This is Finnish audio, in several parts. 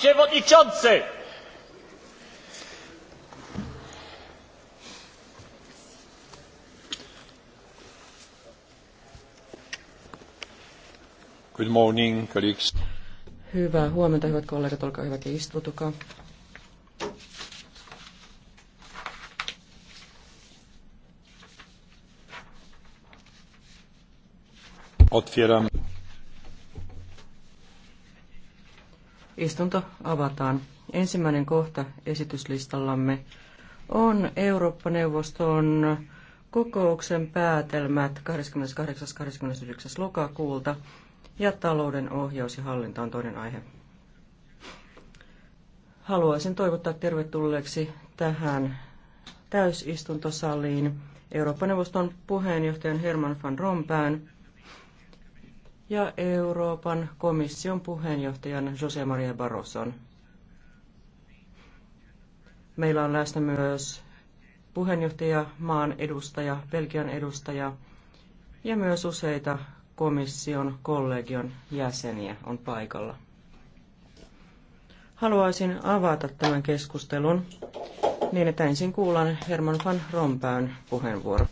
przewodniczący! Good morning, colleagues. Hyvää huomenta, hyvät kollegat, olkaa hyvät ja istutukaa. Otwieram Istunto avataan. Ensimmäinen kohta esityslistallamme on Eurooppa-neuvoston kokouksen päätelmät 28. 29. lokakuulta ja talouden ohjaus ja hallinta on toinen aihe. Haluaisin toivottaa tervetulleeksi tähän täysistuntosaliin Eurooppa-neuvoston puheenjohtajan Herman van Rompään ja Euroopan komission puheenjohtajan Jose Maria Barroson. Meillä on läsnä myös puheenjohtaja, maan edustaja, Belgian edustaja ja myös useita komission kollegion jäseniä on paikalla. Haluaisin avata tämän keskustelun niin, että ensin kuullaan Herman van Rompäyn puheenvuoro.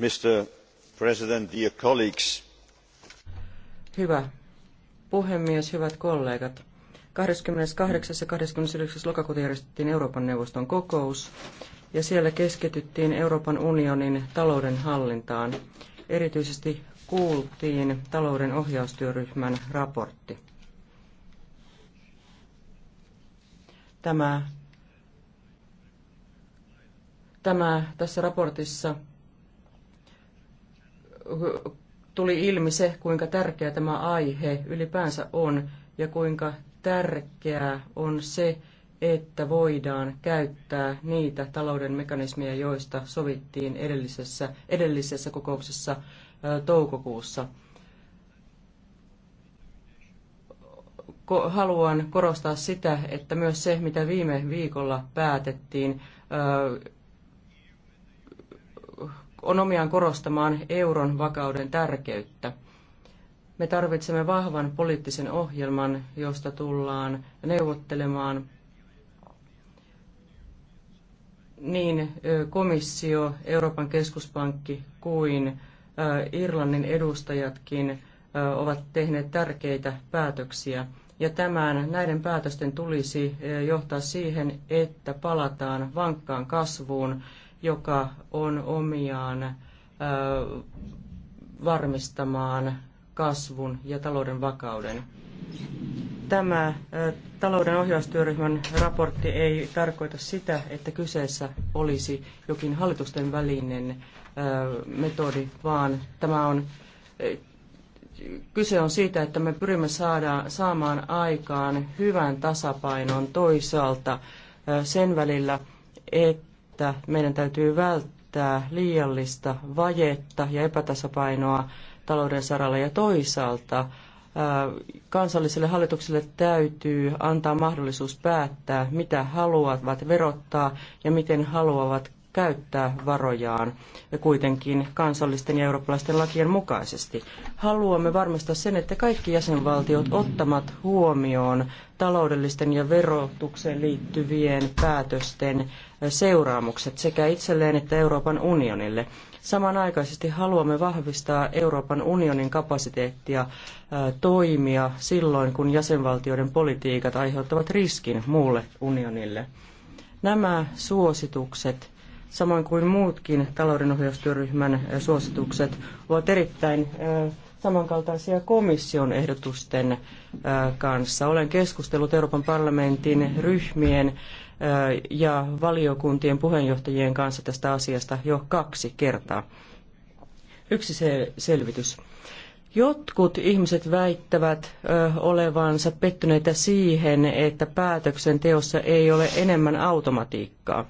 Mr. President, dear colleagues. Hyvä puhemies, hyvät kollegat. 28. ja 29. lokakuuta järjestettiin Euroopan neuvoston kokous ja siellä keskityttiin Euroopan unionin talouden hallintaan. Erityisesti kuultiin talouden ohjaustyöryhmän raportti. Tämä, tämä tässä raportissa tuli ilmi se, kuinka tärkeä tämä aihe ylipäänsä on ja kuinka tärkeää on se, että voidaan käyttää niitä talouden mekanismeja, joista sovittiin edellisessä, edellisessä kokouksessa toukokuussa. Haluan korostaa sitä, että myös se, mitä viime viikolla päätettiin, on omiaan korostamaan euron vakauden tärkeyttä. Me tarvitsemme vahvan poliittisen ohjelman, josta tullaan neuvottelemaan niin komissio, Euroopan keskuspankki kuin Irlannin edustajatkin ovat tehneet tärkeitä päätöksiä. Ja tämän, näiden päätösten tulisi johtaa siihen, että palataan vankkaan kasvuun joka on omiaan varmistamaan kasvun ja talouden vakauden. Tämä talouden ohjaustyöryhmän raportti ei tarkoita sitä, että kyseessä olisi jokin hallitusten välinen metodi, vaan tämä on, kyse on siitä, että me pyrimme saada, saamaan aikaan hyvän tasapainon toisaalta sen välillä, että että meidän täytyy välttää liiallista vajetta ja epätasapainoa talouden saralla ja toisaalta kansallisille hallituksille täytyy antaa mahdollisuus päättää, mitä haluavat verottaa ja miten haluavat käyttää varojaan ja kuitenkin kansallisten ja eurooppalaisten lakien mukaisesti. Haluamme varmistaa sen, että kaikki jäsenvaltiot ottamat huomioon taloudellisten ja verotukseen liittyvien päätösten seuraamukset sekä itselleen että Euroopan unionille. Samanaikaisesti haluamme vahvistaa Euroopan unionin kapasiteettia toimia silloin, kun jäsenvaltioiden politiikat aiheuttavat riskin muulle unionille. Nämä suositukset samoin kuin muutkin taloudenohjaustyöryhmän suositukset ovat erittäin samankaltaisia komission ehdotusten kanssa. Olen keskustellut Euroopan parlamentin ryhmien ja valiokuntien puheenjohtajien kanssa tästä asiasta jo kaksi kertaa. Yksi se selvitys. Jotkut ihmiset väittävät ö, olevansa pettyneitä siihen, että päätöksenteossa ei ole enemmän automatiikkaa.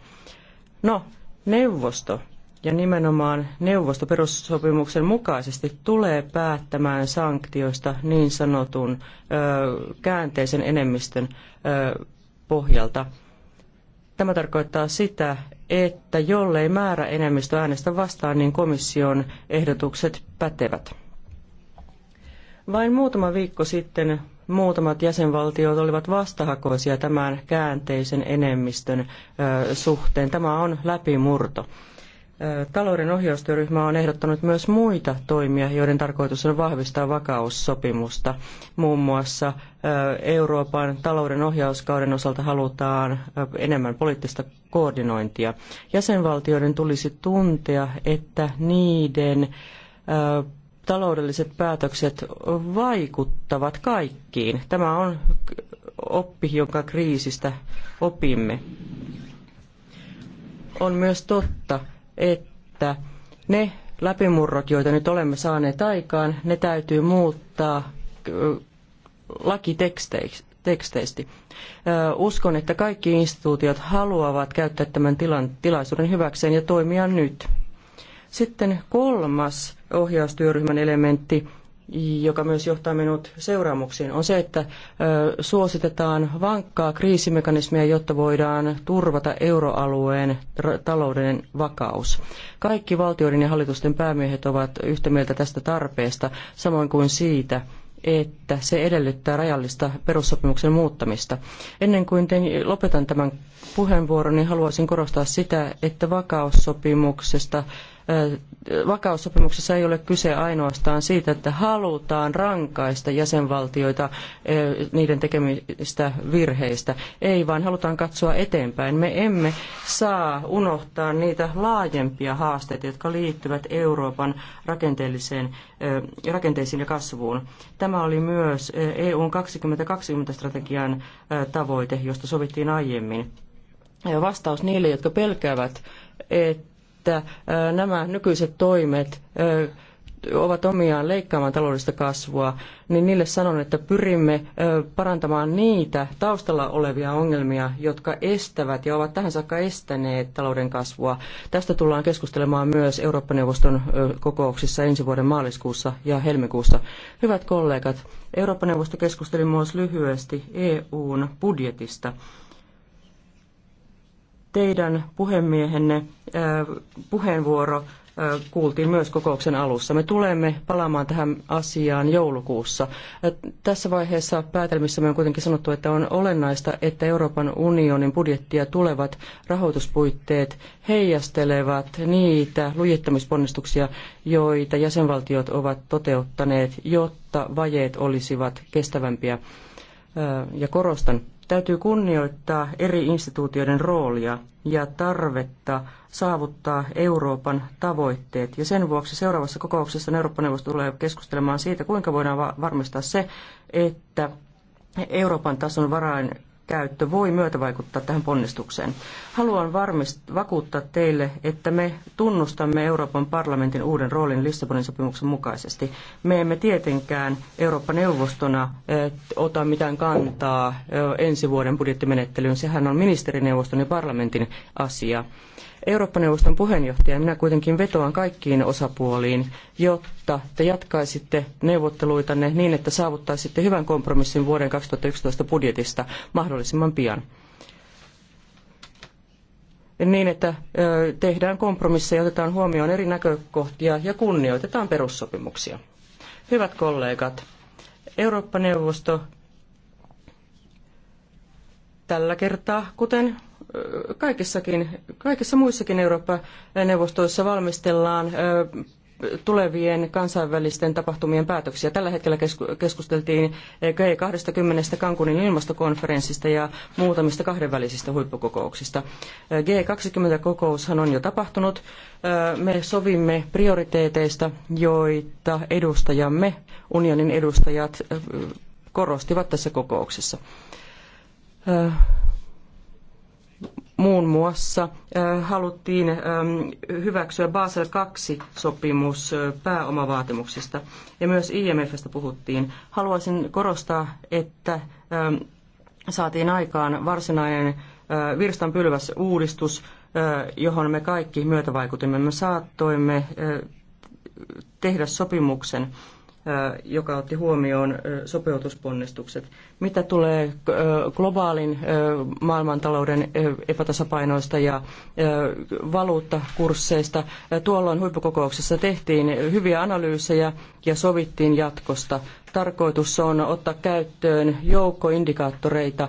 No, neuvosto ja nimenomaan neuvosto perussopimuksen mukaisesti tulee päättämään sanktioista niin sanotun ö, käänteisen enemmistön ö, pohjalta. Tämä tarkoittaa sitä, että jollei määrä enemmistö äänestä vastaan, niin komission ehdotukset pätevät. Vain muutama viikko sitten muutamat jäsenvaltiot olivat vastahakoisia tämän käänteisen enemmistön suhteen. Tämä on läpimurto. Talouden ohjaustyöryhmä on ehdottanut myös muita toimia, joiden tarkoitus on vahvistaa vakaussopimusta. Muun muassa Euroopan talouden ohjauskauden osalta halutaan enemmän poliittista koordinointia. Jäsenvaltioiden tulisi tuntea, että niiden taloudelliset päätökset vaikuttavat kaikkiin. Tämä on oppi, jonka kriisistä opimme. On myös totta, että ne läpimurrot, joita nyt olemme saaneet aikaan, ne täytyy muuttaa lakiteksteisesti. Uskon, että kaikki instituutiot haluavat käyttää tämän tilan, tilaisuuden hyväkseen ja toimia nyt. Sitten kolmas ohjaustyöryhmän elementti joka myös johtaa minut seuraamuksiin, on se, että suositetaan vankkaa kriisimekanismia, jotta voidaan turvata euroalueen talouden vakaus. Kaikki valtioiden ja hallitusten päämiehet ovat yhtä mieltä tästä tarpeesta, samoin kuin siitä, että se edellyttää rajallista perussopimuksen muuttamista. Ennen kuin tein, lopetan tämän puheenvuoron, niin haluaisin korostaa sitä, että vakaussopimuksesta vakaussopimuksessa ei ole kyse ainoastaan siitä, että halutaan rankaista jäsenvaltioita niiden tekemistä virheistä. Ei, vaan halutaan katsoa eteenpäin. Me emme saa unohtaa niitä laajempia haasteita, jotka liittyvät Euroopan rakenteelliseen, rakenteisiin ja kasvuun. Tämä oli myös EUn 2020-strategian tavoite, josta sovittiin aiemmin. Vastaus niille, jotka pelkäävät, että että nämä nykyiset toimet ovat omiaan leikkaamaan taloudellista kasvua, niin niille sanon, että pyrimme parantamaan niitä taustalla olevia ongelmia, jotka estävät ja ovat tähän saakka estäneet talouden kasvua. Tästä tullaan keskustelemaan myös Eurooppa-neuvoston kokouksissa ensi vuoden maaliskuussa ja helmikuussa. Hyvät kollegat, Eurooppa-neuvosto keskusteli myös lyhyesti EUn budjetista teidän puhemiehenne puheenvuoro kuultiin myös kokouksen alussa. Me tulemme palaamaan tähän asiaan joulukuussa. Tässä vaiheessa me on kuitenkin sanottu, että on olennaista, että Euroopan unionin budjettia tulevat rahoituspuitteet heijastelevat niitä lujittamisponnistuksia, joita jäsenvaltiot ovat toteuttaneet, jotta vajeet olisivat kestävämpiä. Ja korostan, Täytyy kunnioittaa eri instituutioiden roolia ja tarvetta saavuttaa Euroopan tavoitteet. Ja sen vuoksi seuraavassa kokouksessa Eurooppa-neuvosto tulee keskustelemaan siitä, kuinka voidaan varmistaa se, että Euroopan tason varain käyttö voi myötävaikuttaa tähän ponnistukseen. Haluan varmist- vakuuttaa teille, että me tunnustamme Euroopan parlamentin uuden roolin Lissabonin sopimuksen mukaisesti. Me emme tietenkään Eurooppa-neuvostona eh, ota mitään kantaa eh, ensi vuoden budjettimenettelyyn. Sehän on ministerineuvoston ja parlamentin asia. Eurooppa-neuvoston puheenjohtaja, minä kuitenkin vetoan kaikkiin osapuoliin, jotta te jatkaisitte neuvotteluitanne niin, että saavuttaisitte hyvän kompromissin vuoden 2011 budjetista mahdollisimman pian. Niin, että tehdään kompromisseja, otetaan huomioon eri näkökohtia ja kunnioitetaan perussopimuksia. Hyvät kollegat, Eurooppa-neuvosto tällä kertaa, kuten kaikissakin, kaikissa muissakin Eurooppa-neuvostoissa valmistellaan tulevien kansainvälisten tapahtumien päätöksiä. Tällä hetkellä keskusteltiin G20 Cancunin ilmastokonferenssista ja muutamista kahdenvälisistä huippukokouksista. G20-kokoushan on jo tapahtunut. Me sovimme prioriteeteista, joita edustajamme, unionin edustajat, korostivat tässä kokouksessa Muun muassa haluttiin hyväksyä Basel II-sopimus pääomavaatimuksista ja myös IMFstä puhuttiin. Haluaisin korostaa, että saatiin aikaan varsinainen virstanpylväs uudistus, johon me kaikki myötävaikutimme. Me saattoimme tehdä sopimuksen joka otti huomioon sopeutusponnistukset. Mitä tulee globaalin maailmantalouden epätasapainoista ja valuuttakursseista, tuolloin huippukokouksessa tehtiin hyviä analyysejä ja sovittiin jatkosta. Tarkoitus on ottaa käyttöön joukko indikaattoreita,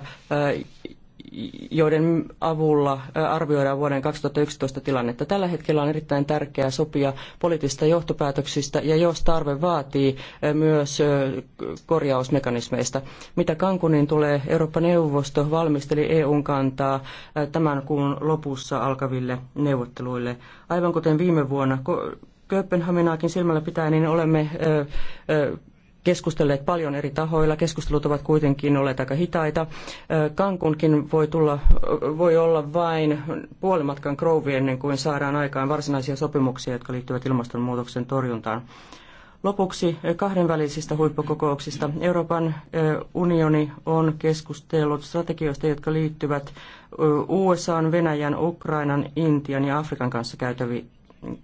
joiden avulla arvioidaan vuoden 2011 tilannetta. Tällä hetkellä on erittäin tärkeää sopia poliittisista johtopäätöksistä ja jos tarve vaatii myös korjausmekanismeista. Mitä Kankunin tulee, Eurooppa-neuvosto valmisteli EUn kantaa tämän kuun lopussa alkaville neuvotteluille. Aivan kuten viime vuonna Kööpenhaminaakin silmällä pitäen, niin olemme keskustelleet paljon eri tahoilla. Keskustelut ovat kuitenkin olleet aika hitaita. Kankunkin voi, tulla, voi olla vain puolimatkan krouvi ennen kuin saadaan aikaan varsinaisia sopimuksia, jotka liittyvät ilmastonmuutoksen torjuntaan. Lopuksi kahdenvälisistä huippukokouksista. Euroopan unioni on keskustellut strategioista, jotka liittyvät USA, Venäjän, Ukrainan, Intian ja Afrikan kanssa käytäviin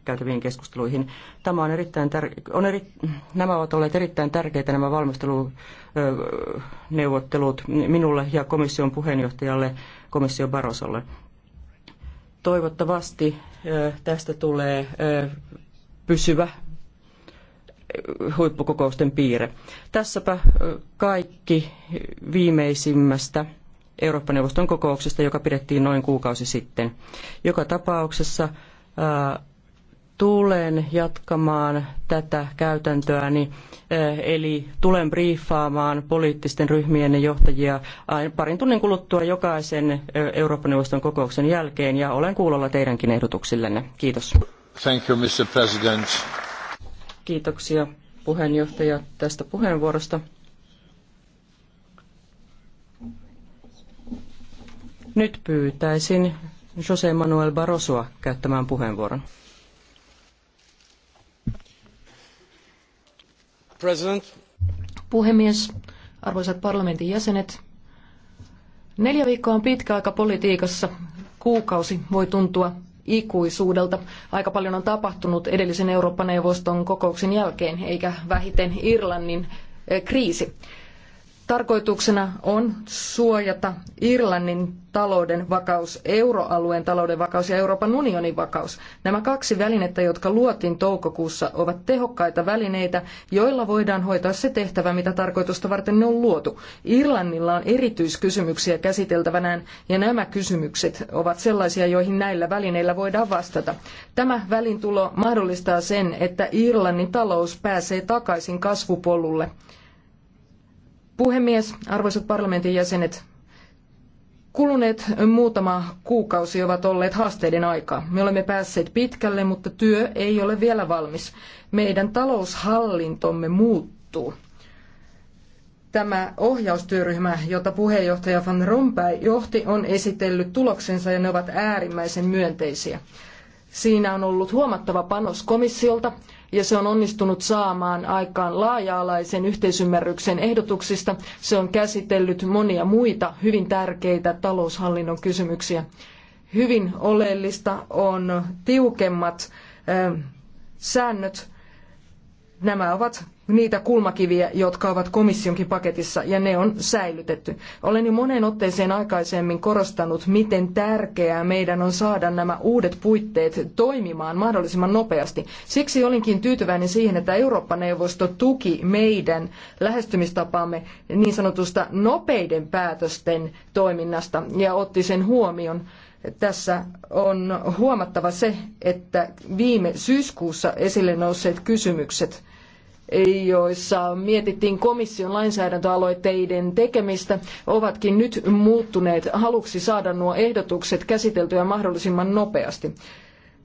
käytäviin keskusteluihin. Tämä on erittäin tär- on eri- nämä ovat olleet erittäin tärkeitä nämä valmisteluneuvottelut minulle ja komission puheenjohtajalle, komission Barosolle. Toivottavasti tästä tulee pysyvä huippukokousten piirre. Tässäpä kaikki viimeisimmästä Eurooppa-neuvoston kokouksesta, joka pidettiin noin kuukausi sitten. Joka tapauksessa tulen jatkamaan tätä käytäntöäni, eh, eli tulen briefaamaan poliittisten ryhmien johtajia parin tunnin kuluttua jokaisen eh, Euroopan neuvoston kokouksen jälkeen, ja olen kuulolla teidänkin ehdotuksillenne. Kiitos. Thank you, Mr. President. Kiitoksia puheenjohtaja tästä puheenvuorosta. Nyt pyytäisin José Manuel Barrosoa käyttämään puheenvuoron. President. Puhemies, arvoisat parlamentin jäsenet. Neljä viikkoa on pitkä aika politiikassa. Kuukausi voi tuntua ikuisuudelta. Aika paljon on tapahtunut edellisen Eurooppa-neuvoston kokouksen jälkeen, eikä vähiten Irlannin eh, kriisi. Tarkoituksena on suojata Irlannin talouden vakaus, euroalueen talouden vakaus ja Euroopan unionin vakaus. Nämä kaksi välinettä, jotka luotiin toukokuussa, ovat tehokkaita välineitä, joilla voidaan hoitaa se tehtävä, mitä tarkoitusta varten ne on luotu. Irlannilla on erityiskysymyksiä käsiteltävänään, ja nämä kysymykset ovat sellaisia, joihin näillä välineillä voidaan vastata. Tämä välintulo mahdollistaa sen, että Irlannin talous pääsee takaisin kasvupolulle. Puhemies, arvoisat parlamentin jäsenet, Kuluneet muutama kuukausi ovat olleet haasteiden aika. Me olemme päässeet pitkälle, mutta työ ei ole vielä valmis. Meidän taloushallintomme muuttuu. Tämä ohjaustyöryhmä, jota puheenjohtaja Van Rompuy johti, on esitellyt tuloksensa ja ne ovat äärimmäisen myönteisiä. Siinä on ollut huomattava panos komissiolta, ja se on onnistunut saamaan aikaan laaja-alaisen yhteisymmärryksen ehdotuksista. Se on käsitellyt monia muita hyvin tärkeitä taloushallinnon kysymyksiä. Hyvin oleellista on tiukemmat säännöt Nämä ovat niitä kulmakiviä, jotka ovat komissionkin paketissa ja ne on säilytetty. Olen jo moneen otteeseen aikaisemmin korostanut, miten tärkeää meidän on saada nämä uudet puitteet toimimaan mahdollisimman nopeasti. Siksi olinkin tyytyväinen siihen, että Eurooppa-neuvosto tuki meidän lähestymistapaamme niin sanotusta nopeiden päätösten toiminnasta ja otti sen huomioon tässä on huomattava se, että viime syyskuussa esille nousseet kysymykset, joissa mietittiin komission lainsäädäntöaloitteiden tekemistä, ovatkin nyt muuttuneet haluksi saada nuo ehdotukset käsiteltyä mahdollisimman nopeasti.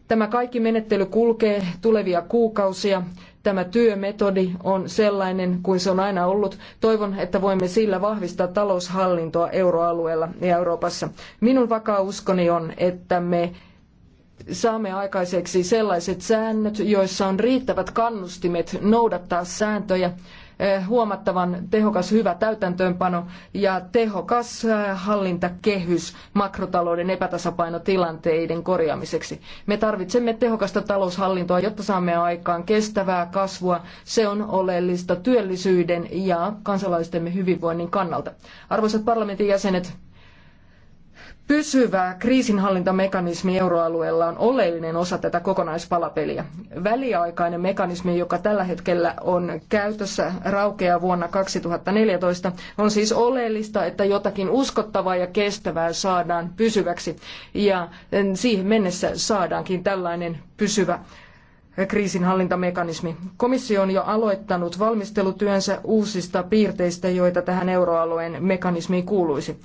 Tämä kaikki menettely kulkee tulevia kuukausia. Tämä työmetodi on sellainen kuin se on aina ollut. Toivon, että voimme sillä vahvistaa taloushallintoa euroalueella ja Euroopassa. Minun vakaa uskoni on, että me saamme aikaiseksi sellaiset säännöt, joissa on riittävät kannustimet noudattaa sääntöjä huomattavan tehokas hyvä täytäntöönpano ja tehokas hallintakehys makrotalouden epätasapainotilanteiden korjaamiseksi. Me tarvitsemme tehokasta taloushallintoa, jotta saamme aikaan kestävää kasvua. Se on oleellista työllisyyden ja kansalaistemme hyvinvoinnin kannalta. Arvoisat parlamentin jäsenet, Pysyvä kriisinhallintamekanismi euroalueella on oleellinen osa tätä kokonaispalapeliä. Väliaikainen mekanismi, joka tällä hetkellä on käytössä raukea vuonna 2014, on siis oleellista, että jotakin uskottavaa ja kestävää saadaan pysyväksi. Ja eh, siihen mennessä saadaankin tällainen pysyvä kriisinhallintamekanismi. Komissio on jo aloittanut valmistelutyönsä uusista piirteistä, joita tähän euroalueen mekanismiin kuuluisi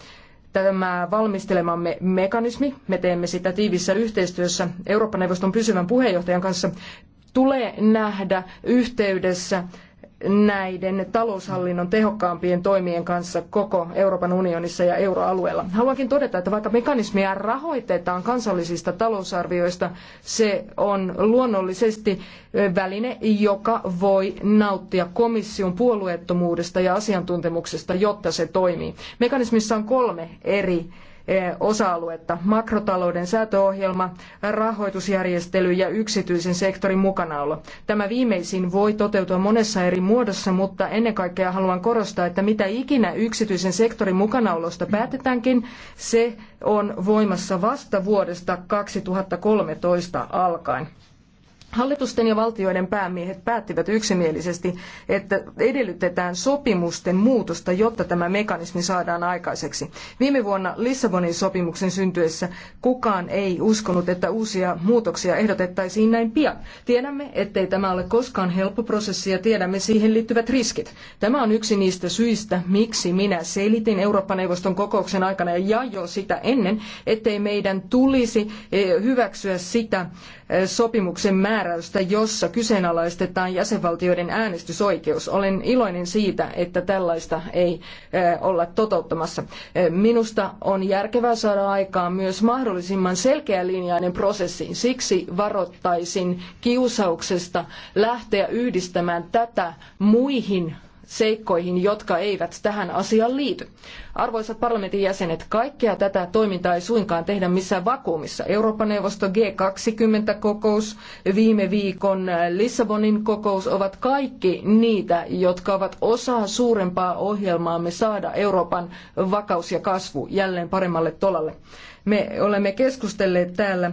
tämä valmistelemamme mekanismi, me teemme sitä tiivissä yhteistyössä Eurooppa-neuvoston pysyvän puheenjohtajan kanssa, tulee nähdä yhteydessä näiden taloushallinnon tehokkaampien toimien kanssa koko Euroopan unionissa ja euroalueella. Haluankin todeta, että vaikka mekanismia rahoitetaan kansallisista talousarvioista, se on luonnollisesti väline, joka voi nauttia komission puolueettomuudesta ja asiantuntemuksesta, jotta se toimii. Mekanismissa on kolme eri osa-aluetta. Makrotalouden säätöohjelma, rahoitusjärjestely ja yksityisen sektorin mukanaolo. Tämä viimeisin voi toteutua monessa eri muodossa, mutta ennen kaikkea haluan korostaa, että mitä ikinä yksityisen sektorin mukanaolosta päätetäänkin, se on voimassa vasta vuodesta 2013 alkaen. Hallitusten ja valtioiden päämiehet päättivät yksimielisesti, että edellytetään sopimusten muutosta, jotta tämä mekanismi saadaan aikaiseksi. Viime vuonna Lissabonin sopimuksen syntyessä kukaan ei uskonut, että uusia muutoksia ehdotettaisiin näin pian. Tiedämme, ettei tämä ole koskaan helppo prosessi ja tiedämme siihen liittyvät riskit. Tämä on yksi niistä syistä, miksi minä selitin Eurooppa-neuvoston kokouksen aikana ja jo sitä ennen, ettei meidän tulisi eh, hyväksyä sitä sopimuksen määräystä, jossa kyseenalaistetaan jäsenvaltioiden äänestysoikeus. Olen iloinen siitä, että tällaista ei olla toteuttamassa. Minusta on järkevää saada aikaan myös mahdollisimman selkeälinjainen prosessi. Siksi varoittaisin kiusauksesta lähteä yhdistämään tätä muihin seikkoihin, jotka eivät tähän asiaan liity. Arvoisat parlamentin jäsenet, kaikkea tätä toimintaa ei suinkaan tehdä missään vakuumissa. Eurooppa-neuvosto G20-kokous, viime viikon Lissabonin kokous ovat kaikki niitä, jotka ovat osa suurempaa ohjelmaamme saada Euroopan vakaus ja kasvu jälleen paremmalle tolalle. Me olemme keskustelleet täällä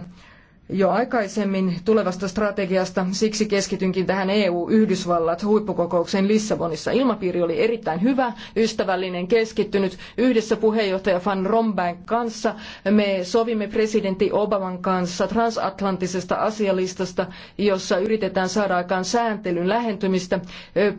jo aikaisemmin tulevasta strategiasta, siksi keskitynkin tähän EU-Yhdysvallat huippukokoukseen Lissabonissa. Ilmapiiri oli erittäin hyvä, ystävällinen, keskittynyt. Yhdessä puheenjohtaja Van Rompuyn kanssa me sovimme presidentti Obaman kanssa transatlanttisesta asialistasta, jossa yritetään saada aikaan sääntelyn lähentymistä.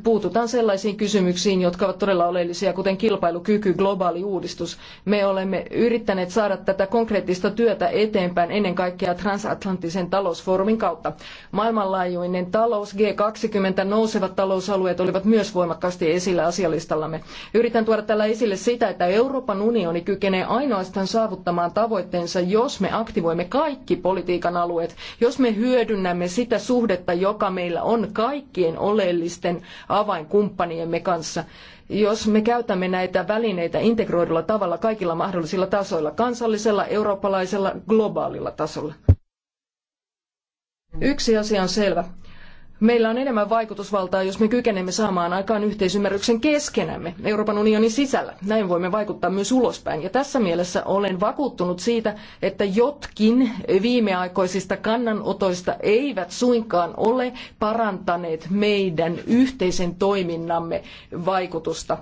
Puututaan sellaisiin kysymyksiin, jotka ovat todella oleellisia, kuten kilpailukyky, globaali uudistus. Me olemme yrittäneet saada tätä konkreettista työtä eteenpäin ennen kaikkea transatlanttisesta Atlanttisen talousfoorumin kautta. Maailmanlaajuinen talous, G20 nousevat talousalueet olivat myös voimakkaasti esillä asialistallamme. Yritän tuoda tällä esille sitä, että Euroopan unioni kykenee ainoastaan saavuttamaan tavoitteensa, jos me aktivoimme kaikki politiikan alueet, jos me hyödynnämme sitä suhdetta, joka meillä on kaikkien oleellisten avainkumppaniemme kanssa jos me käytämme näitä välineitä integroidulla tavalla kaikilla mahdollisilla tasoilla, kansallisella, eurooppalaisella, globaalilla tasolla. Yksi asia on selvä. Meillä on enemmän vaikutusvaltaa, jos me kykenemme saamaan aikaan yhteisymmärryksen keskenämme Euroopan unionin sisällä. Näin voimme vaikuttaa myös ulospäin. Ja tässä mielessä olen vakuuttunut siitä, että jotkin viimeaikoisista kannanotoista eivät suinkaan ole parantaneet meidän yhteisen toiminnamme vaikutusta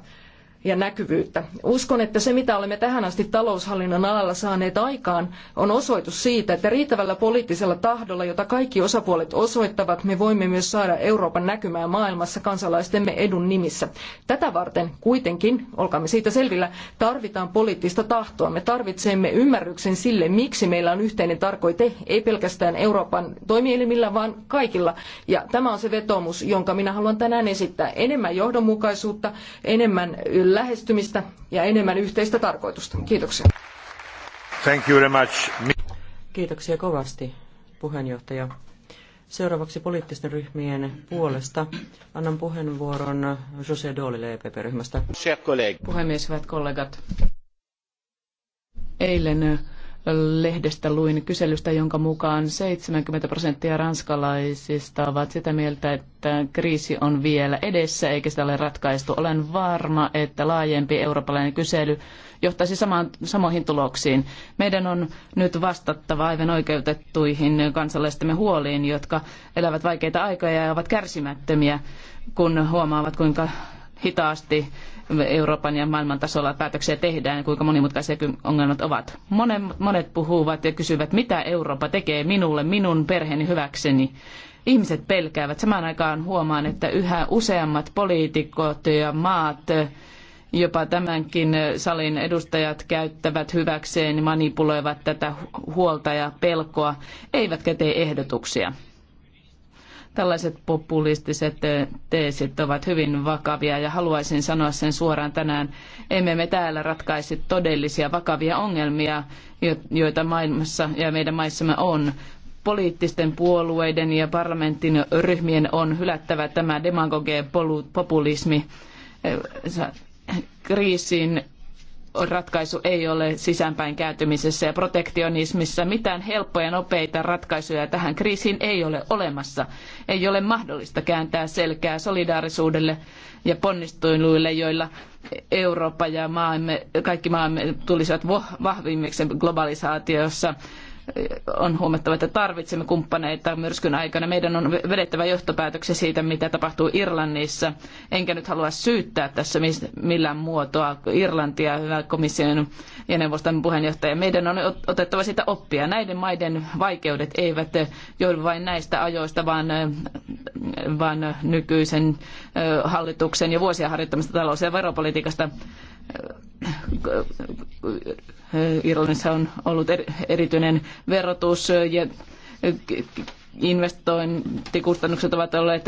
ja näkyvyyttä. Uskon, että se mitä olemme tähän asti taloushallinnon alalla saaneet aikaan on osoitus siitä, että riittävällä poliittisella tahdolla, jota kaikki osapuolet osoittavat, me voimme myös saada Euroopan näkymään maailmassa kansalaistemme edun nimissä. Tätä varten kuitenkin, olkaamme siitä selvillä, tarvitaan poliittista tahtoa. Me tarvitsemme ymmärryksen sille, miksi meillä on yhteinen tarkoite, ei pelkästään Euroopan toimielimillä, vaan kaikilla. Ja tämä on se vetoomus, jonka minä haluan tänään esittää. Enemmän johdonmukaisuutta, enemmän lähestymistä ja enemmän yhteistä tarkoitusta. Kiitoksia. Thank you very much. Kiitoksia kovasti, puheenjohtaja. Seuraavaksi poliittisten ryhmien puolesta annan puheenvuoron Jose Dolille EPP-ryhmästä. Puhemies, hyvät kollegat. Eilen lehdestä luin kyselystä, jonka mukaan 70 prosenttia ranskalaisista ovat sitä mieltä, että kriisi on vielä edessä eikä sitä ole ratkaistu. Olen varma, että laajempi eurooppalainen kysely johtaisi samaan, samoihin tuloksiin. Meidän on nyt vastattava aivan oikeutettuihin kansalaistemme huoliin, jotka elävät vaikeita aikoja ja ovat kärsimättömiä, kun huomaavat, kuinka hitaasti Euroopan ja maailman tasolla päätöksiä tehdään ja kuinka monimutkaisia ongelmat ovat. Monet, monet puhuvat ja kysyvät, mitä Eurooppa tekee minulle, minun perheeni hyväkseni. Ihmiset pelkäävät. Samaan aikaan huomaan, että yhä useammat poliitikot ja maat jopa tämänkin salin edustajat käyttävät hyväkseen, manipuloivat tätä huolta ja pelkoa, eivätkä tee ehdotuksia. Tällaiset populistiset teesit ovat hyvin vakavia ja haluaisin sanoa sen suoraan tänään. Emme me täällä ratkaisi todellisia vakavia ongelmia, joita maailmassa ja meidän maissamme on. Poliittisten puolueiden ja parlamentin ryhmien on hylättävä tämä demagogeen populismi kriisin ratkaisu ei ole sisäänpäin kääntymisessä ja protektionismissa. Mitään helppoja nopeita ratkaisuja tähän kriisiin ei ole olemassa. Ei ole mahdollista kääntää selkää solidaarisuudelle ja ponnisteluille, joilla Eurooppa ja maamme, kaikki maamme tulisivat vahvimmiksi globalisaatiossa on huomattava, että tarvitsemme kumppaneita myrskyn aikana. Meidän on vedettävä johtopäätöksiä siitä, mitä tapahtuu Irlannissa. Enkä nyt halua syyttää tässä millään muotoa Irlantia, hyvä komission ja neuvoston puheenjohtaja. Meidän on otettava siitä oppia. Näiden maiden vaikeudet eivät johdu vain näistä ajoista, vaan, vaan nykyisen hallituksen ja vuosia harjoittamista talous- ja veropolitiikasta Irlannissa on ollut erityinen verotus ja investointikustannukset ovat olleet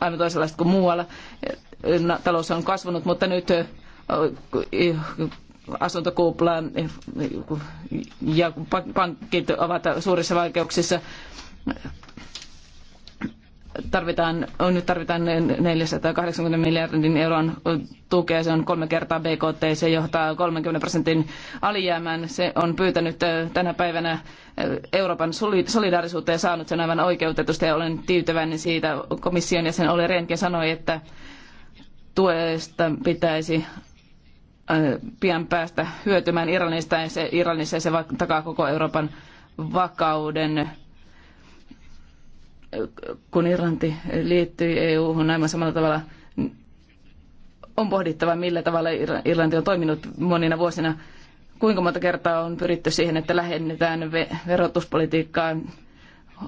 aivan toisenlaiset kuin muualla. Talous on kasvanut, mutta nyt äh, asuntokupla ja pankit ovat suurissa vaikeuksissa tarvitaan, nyt tarvitaan 480 miljardin euron tukea, se on kolme kertaa BKT, se johtaa 30 prosentin alijäämään. Se on pyytänyt tänä päivänä Euroopan solidaarisuutta ja saanut sen aivan oikeutetusta ja olen tyytyväinen siitä. Komission jäsen Olli Rehnke sanoi, että tuesta pitäisi pian päästä hyötymään Irlannista ja se, Irlannissa ja se takaa koko Euroopan vakauden kun Irlanti liittyi EU-hun aivan samalla tavalla, on pohdittava, millä tavalla Irlanti on toiminut monina vuosina. Kuinka monta kertaa on pyritty siihen, että lähennetään verotuspolitiikkaa.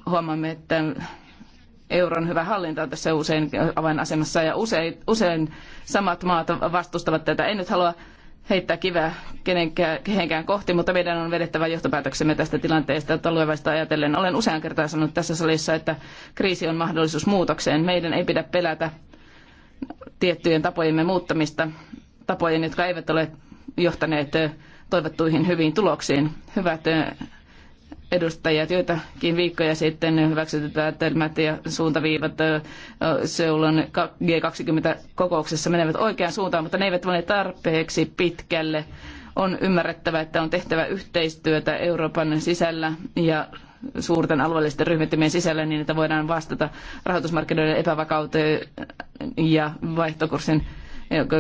Huomaamme, että euron hyvä hallinta on tässä usein avainasemassa ja usein, usein samat maat vastustavat tätä. En nyt halua heittää kivää kenenkään, kehenkään kohti, mutta meidän on vedettävä johtopäätöksemme tästä tilanteesta talvevasta ajatellen. Olen usean kertaan sanonut tässä salissa, että kriisi on mahdollisuus muutokseen. Meidän ei pidä pelätä tiettyjen tapojemme muuttamista, tapojen, jotka eivät ole johtaneet toivottuihin hyviin tuloksiin. Hyvät edustajat, joitakin viikkoja sitten hyväksytyt päätelmät ja suuntaviivat Seulon G20-kokouksessa menevät oikeaan suuntaan, mutta ne eivät mene tarpeeksi pitkälle. On ymmärrettävä, että on tehtävä yhteistyötä Euroopan sisällä ja suurten alueellisten ryhmittymien sisällä niin, että voidaan vastata rahoitusmarkkinoiden epävakauteen ja vaihtokurssin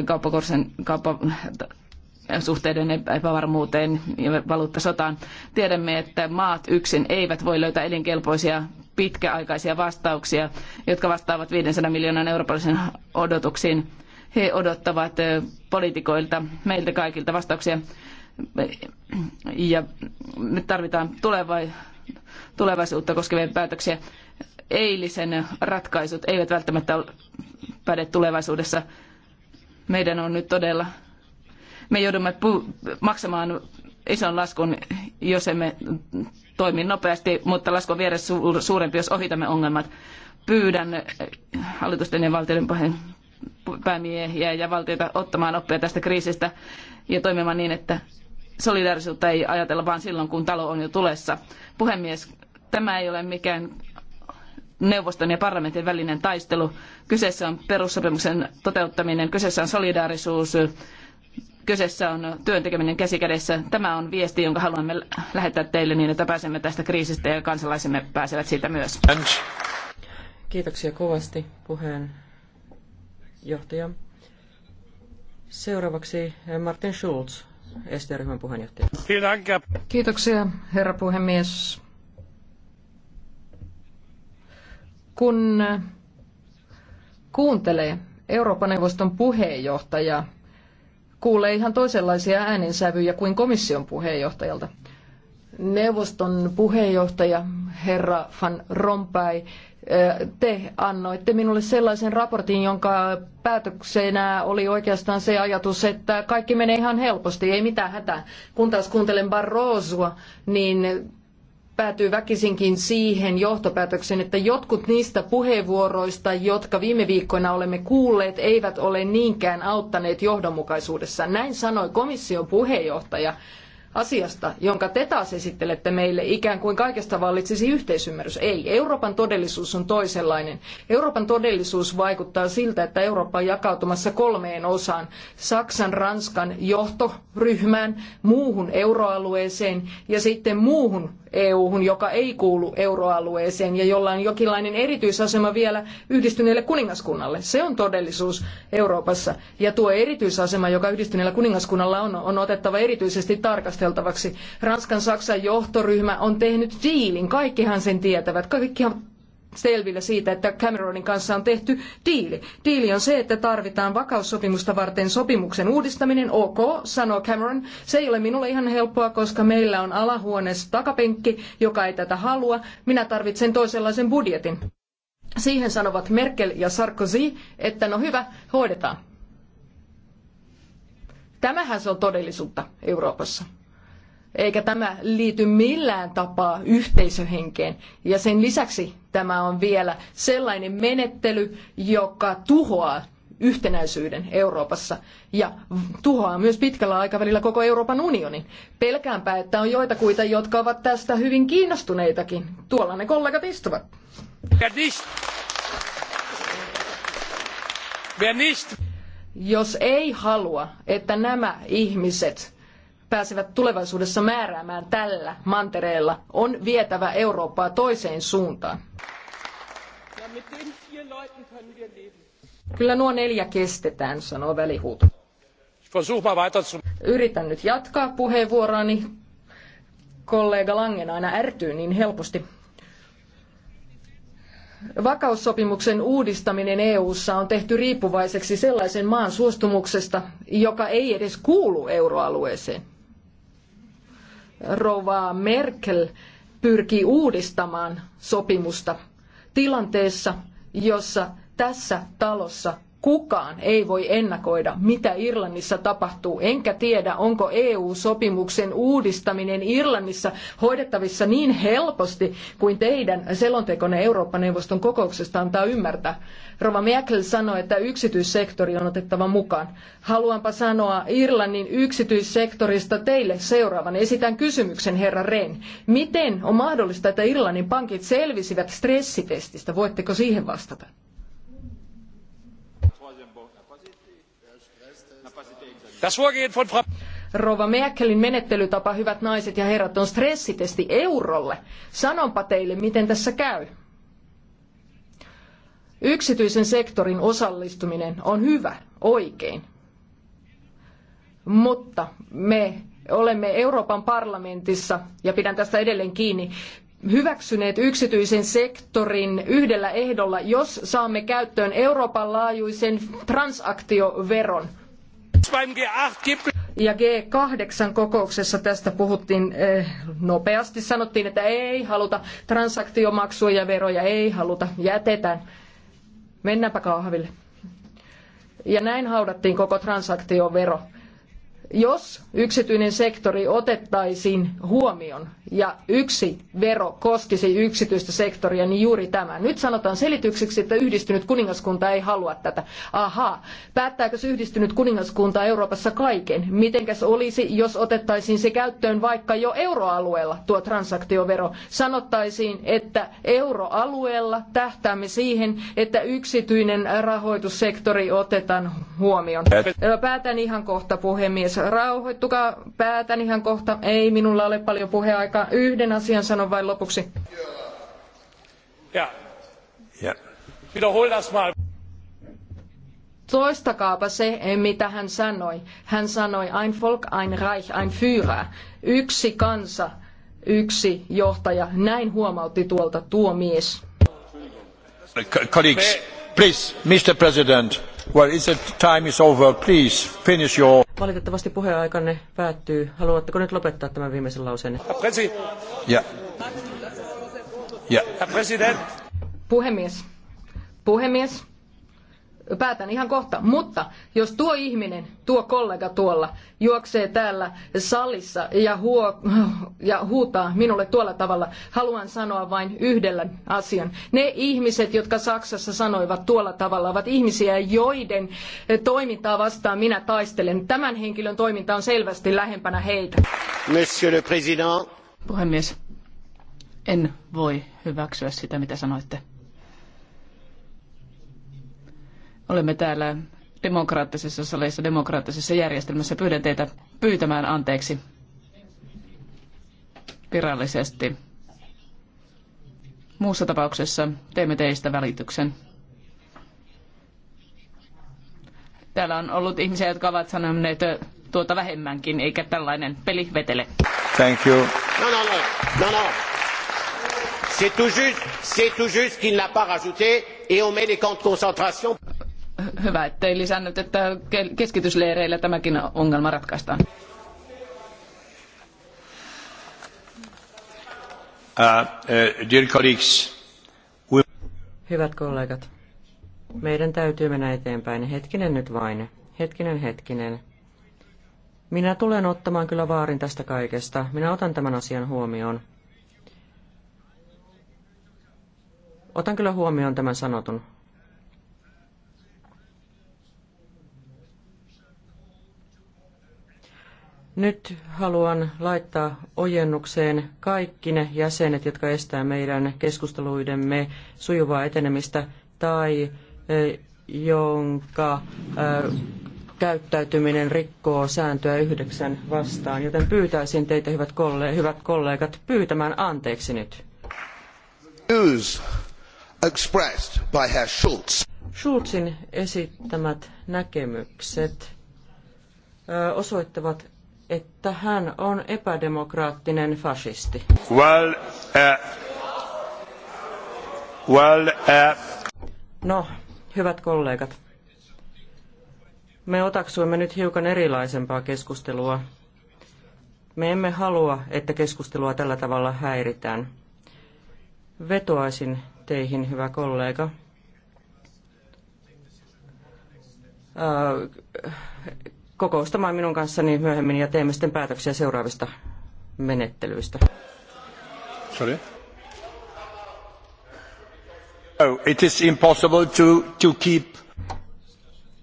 kauppakurssin kauppa, suhteiden epävarmuuteen ja valuuttasotaan. Tiedämme, että maat yksin eivät voi löytää elinkelpoisia pitkäaikaisia vastauksia, jotka vastaavat 500 miljoonan eurooppalaisen odotuksiin. He odottavat poliitikoilta, meiltä kaikilta vastauksia. Ja me tarvitaan tulevaisuutta koskevia päätöksiä. Eilisen ratkaisut eivät välttämättä päde tulevaisuudessa. Meidän on nyt todella me joudumme maksamaan ison laskun, jos emme toimi nopeasti, mutta lasku on suurempi, jos ohitamme ongelmat. Pyydän eh, hallitusten ja valtioiden päämiehiä ja valtioita ottamaan oppia tästä kriisistä ja toimimaan niin, että solidaarisuutta ei ajatella vain silloin, kun talo on jo tulessa. Puhemies, tämä ei ole mikään neuvoston ja parlamentin välinen taistelu. Kyseessä on perussopimuksen toteuttaminen, kyseessä on solidaarisuus kyseessä on työntekeminen käsikädessä. Tämä on viesti, jonka haluamme lähettää teille niin, että pääsemme tästä kriisistä ja kansalaisemme pääsevät siitä myös. Kiitoksia kovasti puheenjohtaja. Seuraavaksi Martin Schulz, ST-ryhmän puheenjohtaja. Kiitoksia, herra puhemies. Kun kuuntelee Euroopan neuvoston puheenjohtajaa, kuulee ihan toisenlaisia äänensävyjä kuin komission puheenjohtajalta. Neuvoston puheenjohtaja herra Van Rompuy, te annoitte minulle sellaisen raportin, jonka päätöksenä oli oikeastaan se ajatus, että kaikki menee ihan helposti, ei mitään hätää. Kun taas kuuntelen Barrosoa, niin päätyy väkisinkin siihen johtopäätöksen, että jotkut niistä puheenvuoroista, jotka viime viikkoina olemme kuulleet, eivät ole niinkään auttaneet johdonmukaisuudessa. Näin sanoi komission puheenjohtaja asiasta, jonka te taas esittelette meille, ikään kuin kaikesta vallitsisi yhteisymmärrys. Ei, Euroopan todellisuus on toisenlainen. Euroopan todellisuus vaikuttaa siltä, että Eurooppa on jakautumassa kolmeen osaan. Saksan, Ranskan johtoryhmään, muuhun euroalueeseen ja sitten muuhun EU-hun, joka ei kuulu euroalueeseen ja jolla on jokinlainen erityisasema vielä yhdistyneelle kuningaskunnalle. Se on todellisuus Euroopassa. Ja tuo erityisasema, joka yhdistyneellä kuningaskunnalla on, on otettava erityisesti tarkasti keskusteltavaksi. Ranskan Saksan johtoryhmä on tehnyt diilin, kaikkihan sen tietävät, Kaikki on selville siitä, että Cameronin kanssa on tehty diili. Diili on se, että tarvitaan vakaussopimusta varten sopimuksen uudistaminen. Ok, sanoo Cameron. Se ei ole minulle ihan helppoa, koska meillä on alahuoneessa takapenkki, joka ei tätä halua. Minä tarvitsen toisenlaisen budjetin. Siihen sanovat Merkel ja Sarkozy, että no hyvä, hoidetaan. Tämähän se on todellisuutta Euroopassa eikä tämä liity millään tapaa yhteisöhenkeen. Ja sen lisäksi tämä on vielä sellainen menettely, joka tuhoaa yhtenäisyyden Euroopassa ja tuhoaa myös pitkällä aikavälillä koko Euroopan unionin. Pelkäänpä, että on joitakuita, jotka ovat tästä hyvin kiinnostuneitakin. Tuolla ne kollegat istuvat. Jos ei halua, että nämä ihmiset pääsevät tulevaisuudessa määräämään tällä mantereella, on vietävä Eurooppaa toiseen suuntaan. Kyllä nuo neljä kestetään, sanoo välihuuto. Yritän nyt jatkaa puheenvuoroani. Kollega Langen aina ärtyy niin helposti. Vakaussopimuksen uudistaminen EU:ssa on tehty riippuvaiseksi sellaisen maan suostumuksesta, joka ei edes kuulu euroalueeseen rouva Merkel pyrkii uudistamaan sopimusta tilanteessa, jossa tässä talossa Kukaan ei voi ennakoida, mitä Irlannissa tapahtuu, enkä tiedä, onko EU-sopimuksen uudistaminen Irlannissa hoidettavissa niin helposti kuin teidän selontekonne Eurooppa-neuvoston kokouksesta antaa ymmärtää. Rova Merkel sanoi, että yksityissektori on otettava mukaan. Haluanpa sanoa Irlannin yksityissektorista teille seuraavan. Esitän kysymyksen, herra Rehn. Miten on mahdollista, että Irlannin pankit selvisivät stressitestistä? Voitteko siihen vastata? Das Rova Merkelin menettelytapa, hyvät naiset ja herrat, on stressitesti eurolle. Sanonpa teille, miten tässä käy. Yksityisen sektorin osallistuminen on hyvä, oikein. Mutta me olemme Euroopan parlamentissa, ja pidän tästä edelleen kiinni, hyväksyneet yksityisen sektorin yhdellä ehdolla, jos saamme käyttöön Euroopan laajuisen transaktioveron – beim G8-Gipfel ja G8-kokouksessa tästä puhuttiin eh, nopeasti. Sanottiin, että ei haluta transaktiomaksuja ja veroja, ei haluta, jätetään. Mennäänpä kahville. Ja näin haudattiin koko transaktiovero. Jos yksityinen sektori otettaisiin huomioon ja yksi vero koskisi yksityistä sektoria, niin juuri tämä. Nyt sanotaan selitykseksi, että yhdistynyt kuningaskunta ei halua tätä. Ahaa, päättääkö yhdistynyt kuningaskunta Euroopassa kaiken? Mitenkäs olisi, jos otettaisiin se käyttöön vaikka jo euroalueella tuo transaktiovero? Sanottaisiin, että euroalueella tähtäämme siihen, että yksityinen rahoitussektori otetaan huomioon. Päätän ihan kohta puhemies rauhoittukaa päätän ihan kohta. Ei minulla ole paljon puheaikaa. Yhden asian sanon vain lopuksi. Ja. Ja. Wiederhol das mal. Toistakaapa se, mitä hän sanoi. Hän sanoi, ein Volk, ein Reich, ein Führer. Yksi kansa, yksi johtaja. Näin huomautti tuolta tuo mies. Colleagues, please, Mr. President. Well, time is over? Please finish your... Valitettavasti puheaikanne päättyy. Haluatteko nyt lopettaa tämän viimeisen lauseen? Yeah. Yeah. Puhemies. Puhemies päätän ihan kohta. Mutta jos tuo ihminen, tuo kollega tuolla, juoksee täällä salissa ja, huo, ja huutaa minulle tuolla tavalla, haluan sanoa vain yhdellä asian. Ne ihmiset, jotka Saksassa sanoivat tuolla tavalla, ovat ihmisiä, joiden toimintaa vastaan minä taistelen. Tämän henkilön toiminta on selvästi lähempänä heitä. Monsieur le Président. Puhemies, en voi hyväksyä sitä, mitä sanoitte. Olemme täällä demokraattisessa salissa, demokraattisessa järjestelmässä. Pyydän teitä pyytämään anteeksi virallisesti. Muussa tapauksessa teemme teistä välityksen. Täällä on ollut ihmisiä, jotka ovat sanoneet tuota vähemmänkin, eikä tällainen peli vetele. Thank you. No, no, no. no, no. C'est tout juste, c'est tout juste qu'il n'a pas rajouté et on met les camps de concentration hyvä, ettei lisännyt, että keskitysleireillä tämäkin ongelma ratkaistaan. Uh, uh, Hyvät kollegat, meidän täytyy mennä eteenpäin. Hetkinen nyt vain. Hetkinen, hetkinen. Minä tulen ottamaan kyllä vaarin tästä kaikesta. Minä otan tämän asian huomioon. Otan kyllä huomioon tämän sanotun. Nyt haluan laittaa ojennukseen kaikki ne jäsenet, jotka estää meidän keskusteluidemme sujuvaa etenemistä tai jonka käyttäytyminen rikkoo sääntöä yhdeksän vastaan, joten pyytäisin teitä, hyvät, kollegat, hyvät kollegat pyytämään anteeksi nyt. Schulzin esittämät näkemykset osoittavat, että hän on epädemokraattinen fasisti? Well, uh, well, uh. No, hyvät kollegat, me otaksuimme nyt hiukan erilaisempaa keskustelua. Me emme halua, että keskustelua tällä tavalla häiritään. Vetoaisin teihin, hyvä kollega. Äh, kokoustamaan minun kanssani myöhemmin ja teemme sitten päätöksiä seuraavista menettelyistä. Sorry. Oh, it is impossible to, to keep...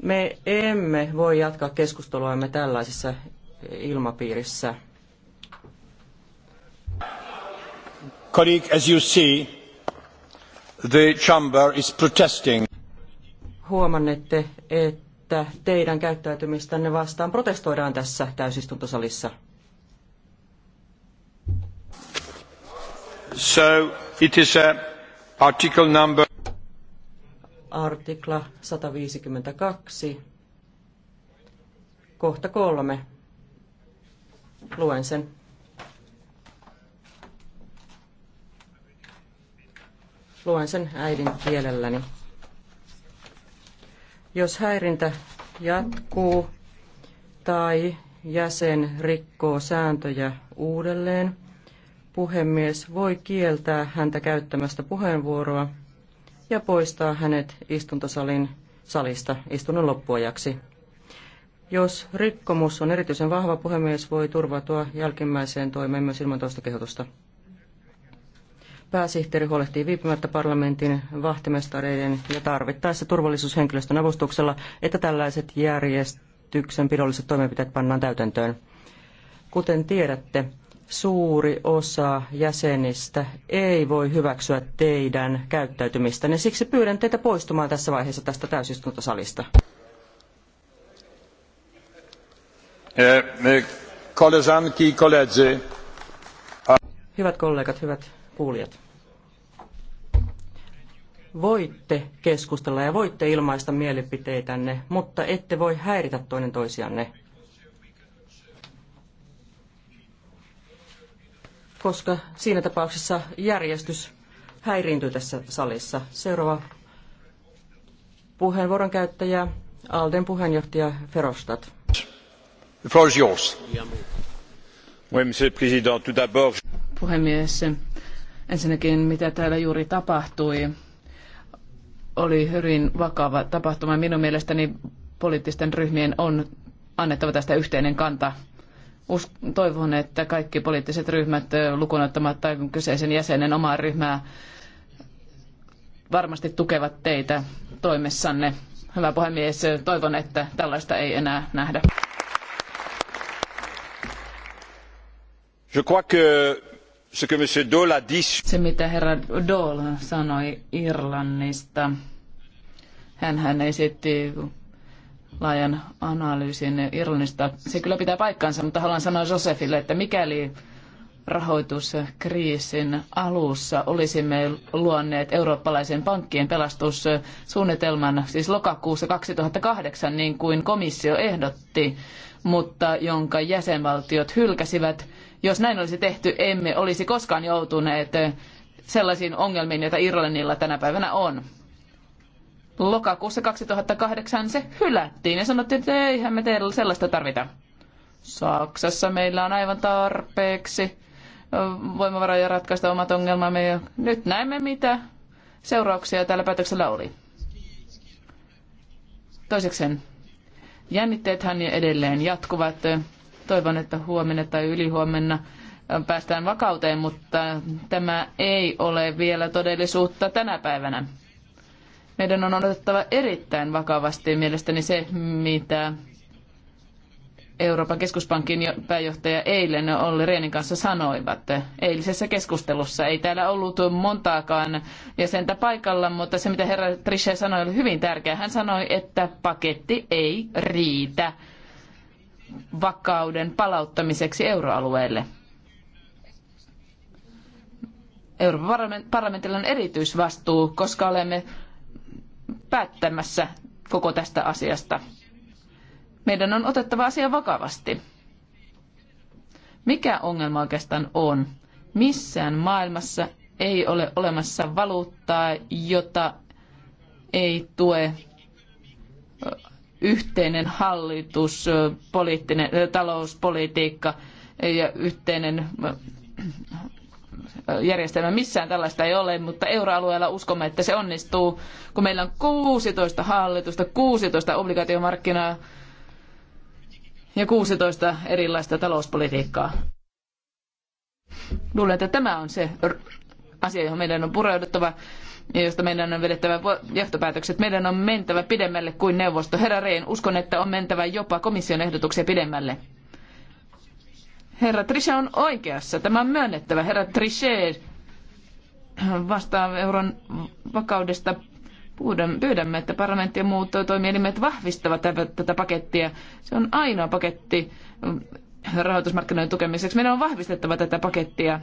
Me emme voi jatkaa keskusteluamme tällaisessa ilmapiirissä. Colleague, as you see, the chamber is protesting. Huomannette, että että teidän käyttäytymistänne vastaan protestoidaan tässä täysistuntosalissa? So it is a uh, article number artikla 152, kohta kolme. Luen sen. Luen sen äidin kielelläni. Jos häirintä jatkuu tai jäsen rikkoo sääntöjä uudelleen, puhemies voi kieltää häntä käyttämästä puheenvuoroa ja poistaa hänet istuntosalin salista istunnon loppuajaksi. Jos rikkomus on erityisen vahva, puhemies voi turvautua jälkimmäiseen toimeen myös ilman toista kehotusta. Pääsihteeri huolehtii viipymättä parlamentin vahtimestareiden ja tarvittaessa turvallisuushenkilöstön avustuksella, että tällaiset järjestyksenpidolliset toimenpiteet pannaan täytäntöön. Kuten tiedätte, suuri osa jäsenistä ei voi hyväksyä teidän käyttäytymistänne. Siksi pyydän teitä poistumaan tässä vaiheessa tästä täysistuntosalista. Eh, hyvät kollegat, hyvät kuulijat, voitte keskustella ja voitte ilmaista mielipiteitänne, mutta ette voi häiritä toinen toisianne. Koska siinä tapauksessa järjestys häiriintyy tässä salissa. Seuraava puheenvuoron käyttäjä, Alden puheenjohtaja Ferostat. The floor is yours. Oui, monsieur le Président, tout d'abord... Puhemies, Ensinnäkin, mitä täällä juuri tapahtui, oli hyvin vakava tapahtuma. Minun mielestäni poliittisten ryhmien on annettava tästä yhteinen kanta. Toivon, että kaikki poliittiset ryhmät, lukunottamatta kyseisen jäsenen omaa ryhmää, varmasti tukevat teitä toimessanne. Hyvä puhemies, toivon, että tällaista ei enää nähdä. Je crois que se, mitä herra Dole sanoi Irlannista, hän esitti laajan analyysin Irlannista. Se kyllä pitää paikkansa, mutta haluan sanoa Josefille, että mikäli rahoituskriisin alussa olisimme luonneet eurooppalaisen pankkien pelastussuunnitelman, siis lokakuussa 2008, niin kuin komissio ehdotti, mutta jonka jäsenvaltiot hylkäsivät, jos näin olisi tehty, emme olisi koskaan joutuneet sellaisiin ongelmiin, joita Irlannilla tänä päivänä on. Lokakuussa 2008 se hylättiin ja sanottiin, että eihän me teillä sellaista tarvita. Saksassa meillä on aivan tarpeeksi voimavaroja ratkaista omat ongelmamme ja nyt näemme mitä seurauksia tällä päätöksellä oli. Toisekseen, jännitteethän edelleen jatkuvat. Toivon, että huomenna tai ylihuomenna päästään vakauteen, mutta tämä ei ole vielä todellisuutta tänä päivänä. Meidän on odotettava erittäin vakavasti mielestäni se, mitä Euroopan keskuspankin pääjohtaja eilen Olli Reenin kanssa sanoivat eilisessä keskustelussa. Ei täällä ollut montaakaan jäsentä paikalla, mutta se mitä herra Trichet sanoi oli hyvin tärkeää. Hän sanoi, että paketti ei riitä vakauden palauttamiseksi euroalueelle. Euroopan parlamentilla on erityisvastuu, koska olemme päättämässä koko tästä asiasta. Meidän on otettava asia vakavasti. Mikä ongelma oikeastaan on? Missään maailmassa ei ole olemassa valuuttaa, jota ei tue yhteinen hallitus, poliittinen, talouspolitiikka ja yhteinen järjestelmä. Missään tällaista ei ole, mutta euroalueella uskomme, että se onnistuu, kun meillä on 16 hallitusta, 16 obligaatiomarkkinaa ja 16 erilaista talouspolitiikkaa. Luulen, että tämä on se asia, johon meidän on pureuduttava josta meidän on vedettävä johtopäätökset. Meidän on mentävä pidemmälle kuin neuvosto. Herra Rehn, uskon, että on mentävä jopa komission ehdotuksia pidemmälle. Herra Trichet on oikeassa. Tämä on myönnettävä. Herra Trichet vastaa euron vakaudesta. Pyydämme, että parlamentti ja muut toimielimet vahvistavat tätä pakettia. Se on ainoa paketti mm, rahoitusmarkkinoiden tukemiseksi. Meidän on vahvistettava tätä pakettia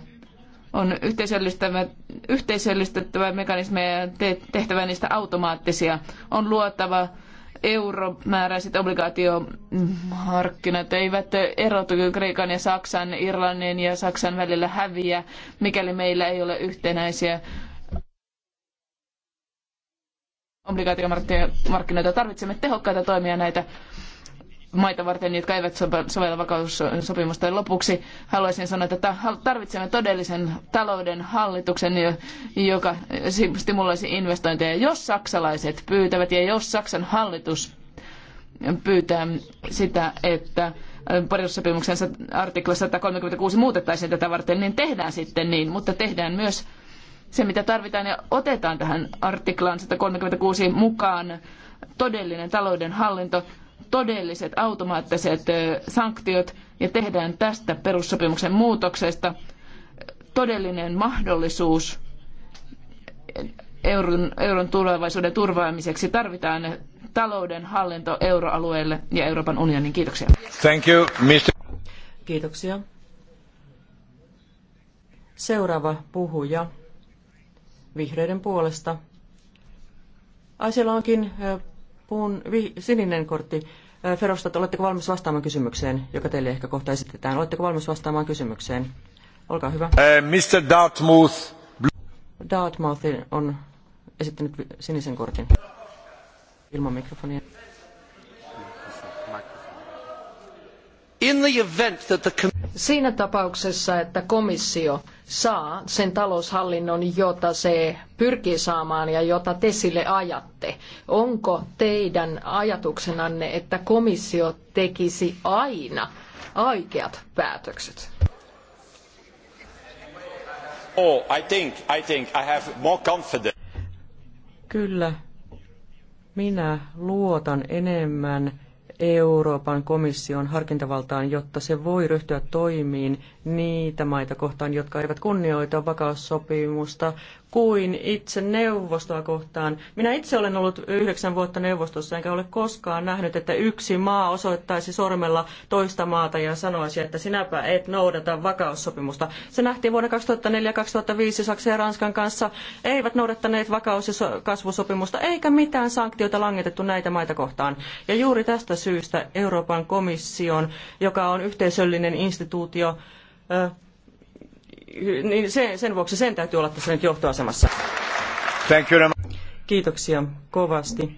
on yhteisöllistettävä mekanismeja ja tehtävä niistä automaattisia. On luotava euromääräiset obligaatiomarkkinat eivät erotu Kreikan ja Saksan, Irlannin ja Saksan välillä häviä, mikäli meillä ei ole yhtenäisiä obligaatiomarkkinoita. Tarvitsemme tehokkaita toimia näitä maita varten, jotka eivät sovella vakaussopimusta. Lopuksi haluaisin sanoa, että tarvitsemme todellisen talouden hallituksen, joka stimuloisi investointeja. Jos saksalaiset pyytävät ja jos Saksan hallitus pyytää sitä, että perussopimuksen artikla 136 muutettaisiin tätä varten, niin tehdään sitten niin, mutta tehdään myös se, mitä tarvitaan ja otetaan tähän artiklaan 136 mukaan todellinen talouden hallinto, todelliset automaattiset sanktiot ja tehdään tästä perussopimuksen muutoksesta todellinen mahdollisuus euron, euron tulevaisuuden turvaamiseksi. Tarvitaan talouden hallinto euroalueelle ja Euroopan unionin. Kiitoksia. Thank you, Mr. Kiitoksia. Seuraava puhuja vihreiden puolesta. Ai onkin puun vi, sininen kortti. Ferostat, oletteko valmis vastaamaan kysymykseen, joka teille ehkä kohta esitetään? Oletteko valmis vastaamaan kysymykseen? Olkaa hyvä. Uh, eh, Mr. Dartmouth. Dartmouth on esittänyt sinisen kortin ilman mikrofonia. Siinä tapauksessa, että komissio saa sen taloushallinnon, jota se pyrkii saamaan ja jota te sille ajatte, onko teidän ajatuksenanne, että komissio tekisi aina oikeat päätökset? Oh, I think, I think I have more confidence. Kyllä, minä luotan enemmän Euroopan komission harkintavaltaan, jotta se voi ryhtyä toimiin niitä maita kohtaan, jotka eivät kunnioita vakaussopimusta, kuin itse neuvostoa kohtaan. Minä itse olen ollut yhdeksän vuotta neuvostossa, enkä ole koskaan nähnyt, että yksi maa osoittaisi sormella toista maata ja sanoisi, että sinäpä et noudata vakaussopimusta. Se nähtiin vuonna 2004-2005 Saksan ja Ranskan kanssa. Eivät noudattaneet vakaus- ja kasvusopimusta, eikä mitään sanktioita langetettu näitä maita kohtaan. Ja juuri tästä syystä Euroopan komission, joka on yhteisöllinen instituutio, niin sen, sen vuoksi sen täytyy olla tässä nyt johtoasemassa. Thank you. Kiitoksia kovasti.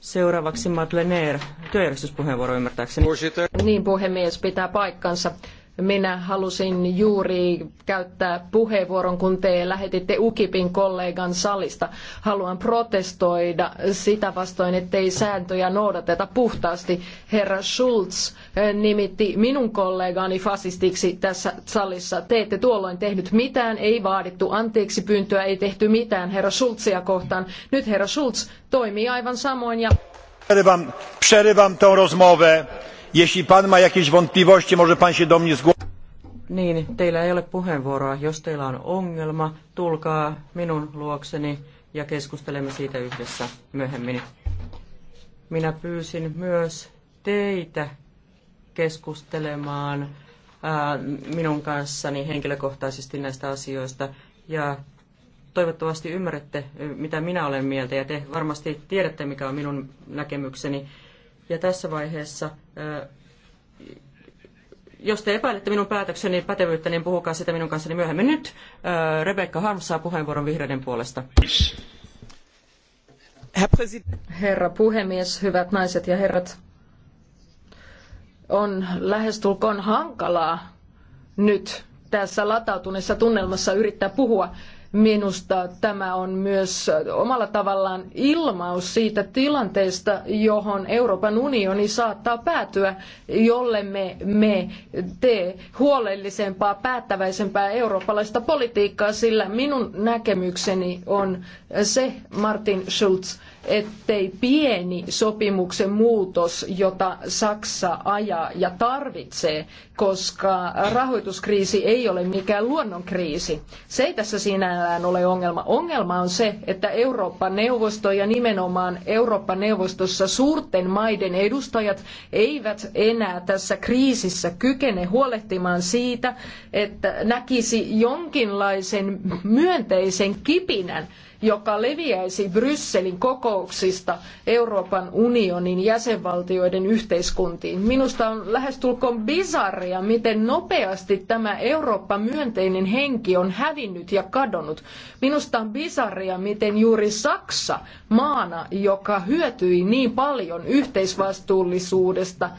Seuraavaksi Madeleine työjärjestyspuheenvuoro ymmärtääkseni. Niin puhemies pitää paikkansa. Minä halusin juuri käyttää puheenvuoron, kun te lähetitte UKIPin kollegan salista. Haluan protestoida sitä vastoin, ettei sääntöjä noudateta puhtaasti. Herra Schulz eh, nimitti minun kollegani fasistiksi tässä salissa. Te ette tuolloin tehnyt mitään, ei vaadittu anteeksi pyyntöä, ei tehty mitään herra Schulzia kohtaan. Nyt herra Schulz toimii aivan samoin ja... Przerywam, przerywam tą rozmowę. Jeśli pan ma jakieś wątpliwości, może pan się do mnie zgłosić. Niin, teillä ei ole puheenvuoroa. Jos teillä on ongelma, tulkaa minun luokseni ja keskustelemme siitä yhdessä myöhemmin. Minä pyysin myös teitä keskustelemaan ää, minun kanssani henkilökohtaisesti näistä asioista ja toivottavasti ymmärrätte, mitä minä olen mieltä ja te varmasti tiedätte, mikä on minun näkemykseni ja tässä vaiheessa, jos te epäilette minun päätökseni pätevyyttä, niin puhukaa sitä minun kanssani myöhemmin. Nyt Rebecca Harms saa puheenvuoron vihreiden puolesta. Herra puhemies, hyvät naiset ja herrat, on lähestulkoon hankalaa nyt tässä latautuneessa tunnelmassa yrittää puhua Minusta tämä on myös omalla tavallaan ilmaus siitä tilanteesta, johon Euroopan unioni saattaa päätyä, jollemme me tee huolellisempaa, päättäväisempää eurooppalaista politiikkaa, sillä minun näkemykseni on se, Martin Schulz, ettei pieni sopimuksen muutos, jota Saksa ajaa ja tarvitsee, koska rahoituskriisi ei ole mikään luonnonkriisi. Se ei tässä sinällään ole ongelma. Ongelma on se, että Euroopan neuvosto ja nimenomaan Euroopan neuvostossa suurten maiden edustajat eivät enää tässä kriisissä kykene huolehtimaan siitä, että näkisi jonkinlaisen myönteisen kipinän joka leviäisi Brysselin kokouksista Euroopan unionin jäsenvaltioiden yhteiskuntiin. Minusta on lähestulkoon bizarria, miten nopeasti tämä Eurooppa-myönteinen henki on hävinnyt ja kadonnut. Minusta on bizarria, miten juuri Saksa maana, joka hyötyi niin paljon yhteisvastuullisuudesta,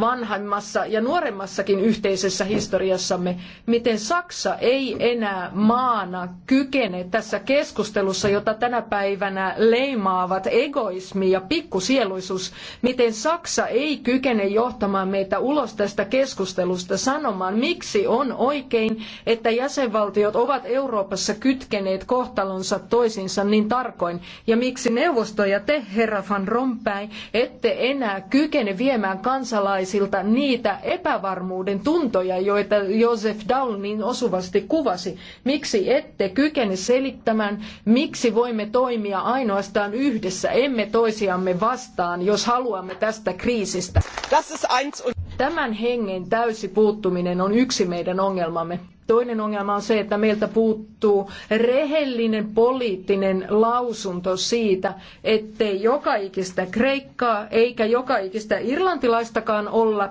vanhemmassa ja nuoremmassakin yhteisessä historiassamme, miten Saksa ei enää maana kykene tässä keskustelussa, jota tänä päivänä leimaavat egoismi ja pikkusieluisuus, miten Saksa ei kykene johtamaan meitä ulos tästä keskustelusta sanomaan, miksi on oikein, että jäsenvaltiot ovat Euroopassa kytkeneet kohtalonsa toisiinsa niin tarkoin, ja miksi neuvosto ja te, herra van Rompuy, ette enää kykene viemään kansaa kansalaisilta niitä epävarmuuden tuntoja, joita Joseph Daul niin osuvasti kuvasi. Miksi ette kykene selittämään, miksi voimme toimia ainoastaan yhdessä, emme toisiamme vastaan, jos haluamme tästä kriisistä? Tämän hengen täysi puuttuminen on yksi meidän ongelmamme. Toinen ongelma on se, että meiltä puuttuu rehellinen poliittinen lausunto siitä, ettei joka ikistä Kreikkaa eikä joka ikistä irlantilaistakaan olla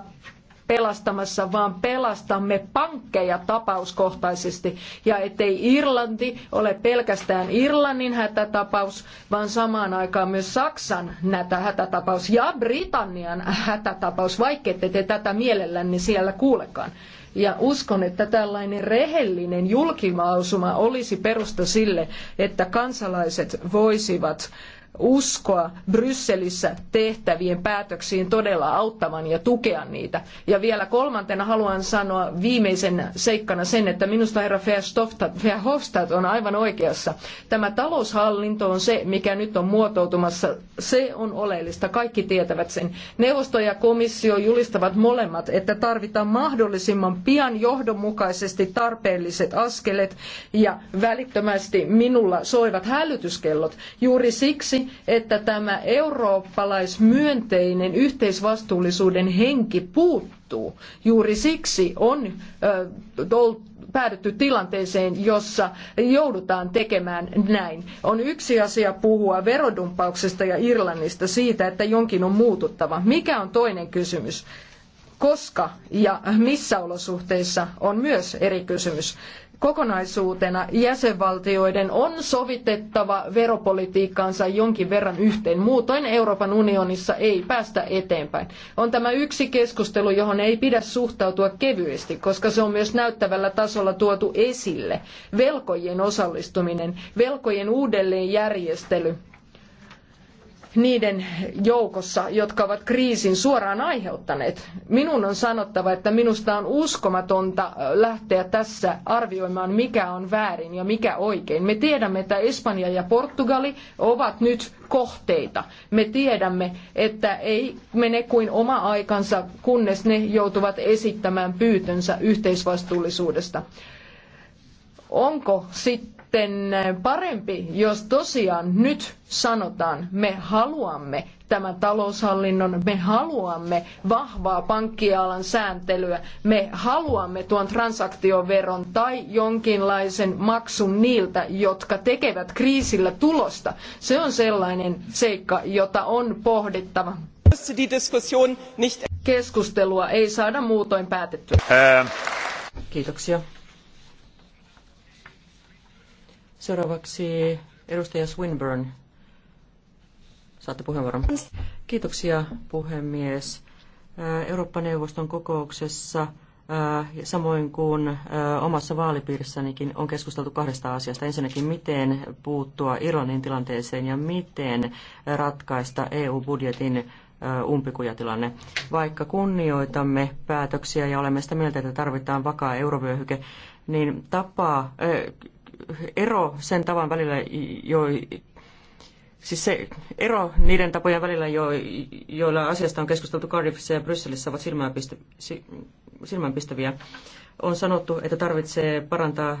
pelastamassa, vaan pelastamme pankkeja tapauskohtaisesti. Ja ettei Irlanti ole pelkästään Irlannin hätätapaus, vaan samaan aikaan myös Saksan hätätapaus ja Britannian hätätapaus, vaikkette te tätä mielellänne siellä kuulekaan. Ja uskon, että tällainen rehellinen julkilausuma olisi perusta sille, että kansalaiset voisivat uskoa Brysselissä tehtävien päätöksiin todella auttavan ja tukea niitä. Ja vielä kolmantena haluan sanoa viimeisen seikkana sen, että minusta herra Verhofstadt on aivan oikeassa. Tämä taloushallinto on se, mikä nyt on muotoutumassa. Se on oleellista. Kaikki tietävät sen. Neuvosto ja komissio julistavat molemmat, että tarvitaan mahdollisimman pian johdonmukaisesti tarpeelliset askelet ja välittömästi minulla soivat hälytyskellot juuri siksi, että tämä eurooppalaismyönteinen yhteisvastuullisuuden henki puuttuu. Juuri siksi on päädytty tilanteeseen, jossa joudutaan tekemään näin. On yksi asia puhua verodumppauksesta ja Irlannista siitä, että jonkin on muututtava. Mikä on toinen kysymys? koska ja missä olosuhteissa on myös eri kysymys. Kokonaisuutena jäsenvaltioiden on sovitettava veropolitiikkaansa jonkin verran yhteen. Muutoin Euroopan unionissa ei päästä eteenpäin. On tämä yksi keskustelu, johon ei pidä suhtautua kevyesti, koska se on myös näyttävällä tasolla tuotu esille. Velkojen osallistuminen, velkojen uudelleenjärjestely, niiden joukossa, jotka ovat kriisin suoraan aiheuttaneet. Minun on sanottava, että minusta on uskomatonta lähteä tässä arvioimaan, mikä on väärin ja mikä oikein. Me tiedämme, että Espanja ja Portugali ovat nyt kohteita. Me tiedämme, että ei mene kuin oma aikansa, kunnes ne joutuvat esittämään pyytönsä yhteisvastuullisuudesta. Onko sitten sitten parempi, jos tosiaan nyt sanotaan, me haluamme tämän taloushallinnon, me haluamme vahvaa pankkialan sääntelyä, me haluamme tuon transaktioveron tai jonkinlaisen maksun niiltä, jotka tekevät kriisillä tulosta. Se on sellainen seikka, jota on pohdittava. Keskustelua ei saada muutoin päätettyä. Ähm. Kiitoksia. Seuraavaksi edustaja Swinburne. Saatte puheenvuoron. Kiitoksia puhemies. Eurooppa-neuvoston kokouksessa samoin kuin omassa vaalipiirissänikin on keskusteltu kahdesta asiasta. Ensinnäkin, miten puuttua Irlannin tilanteeseen ja miten ratkaista EU-budjetin umpikujatilanne. Vaikka kunnioitamme päätöksiä ja olemme sitä mieltä, että tarvitaan vakaa eurovyöhyke, niin tapa, ero sen tavan välillä, jo, siis se ero niiden tapojen välillä, jo, joilla asiasta on keskusteltu Cardiffissa ja Brysselissä, ovat silmäänpistäviä. On sanottu, että tarvitsee parantaa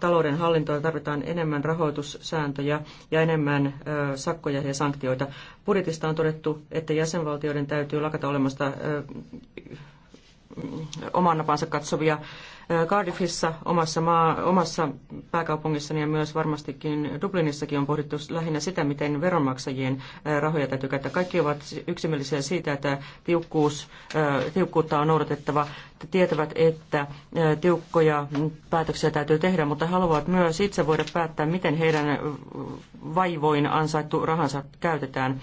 talouden hallintoa, tarvitaan enemmän rahoitussääntöjä ja enemmän sakkoja ja sanktioita. Budjetista on todettu, että jäsenvaltioiden täytyy lakata olemasta oman napansa katsovia Äh, Cardiffissa omassa, maa, omassa pääkaupungissani ja myös varmastikin Dublinissakin on pohdittu lähinnä sitä, miten veronmaksajien äh, rahoja täytyy käyttää. Kaikki ovat yksimielisiä siitä, että tiukkuus, äh, tiukkuutta on noudatettava. Tietävät, että tiukkoja päätöksiä täytyy tehdä, mutta haluavat myös itse voida päättää, miten heidän vaivoin ansaittu rahansa käytetään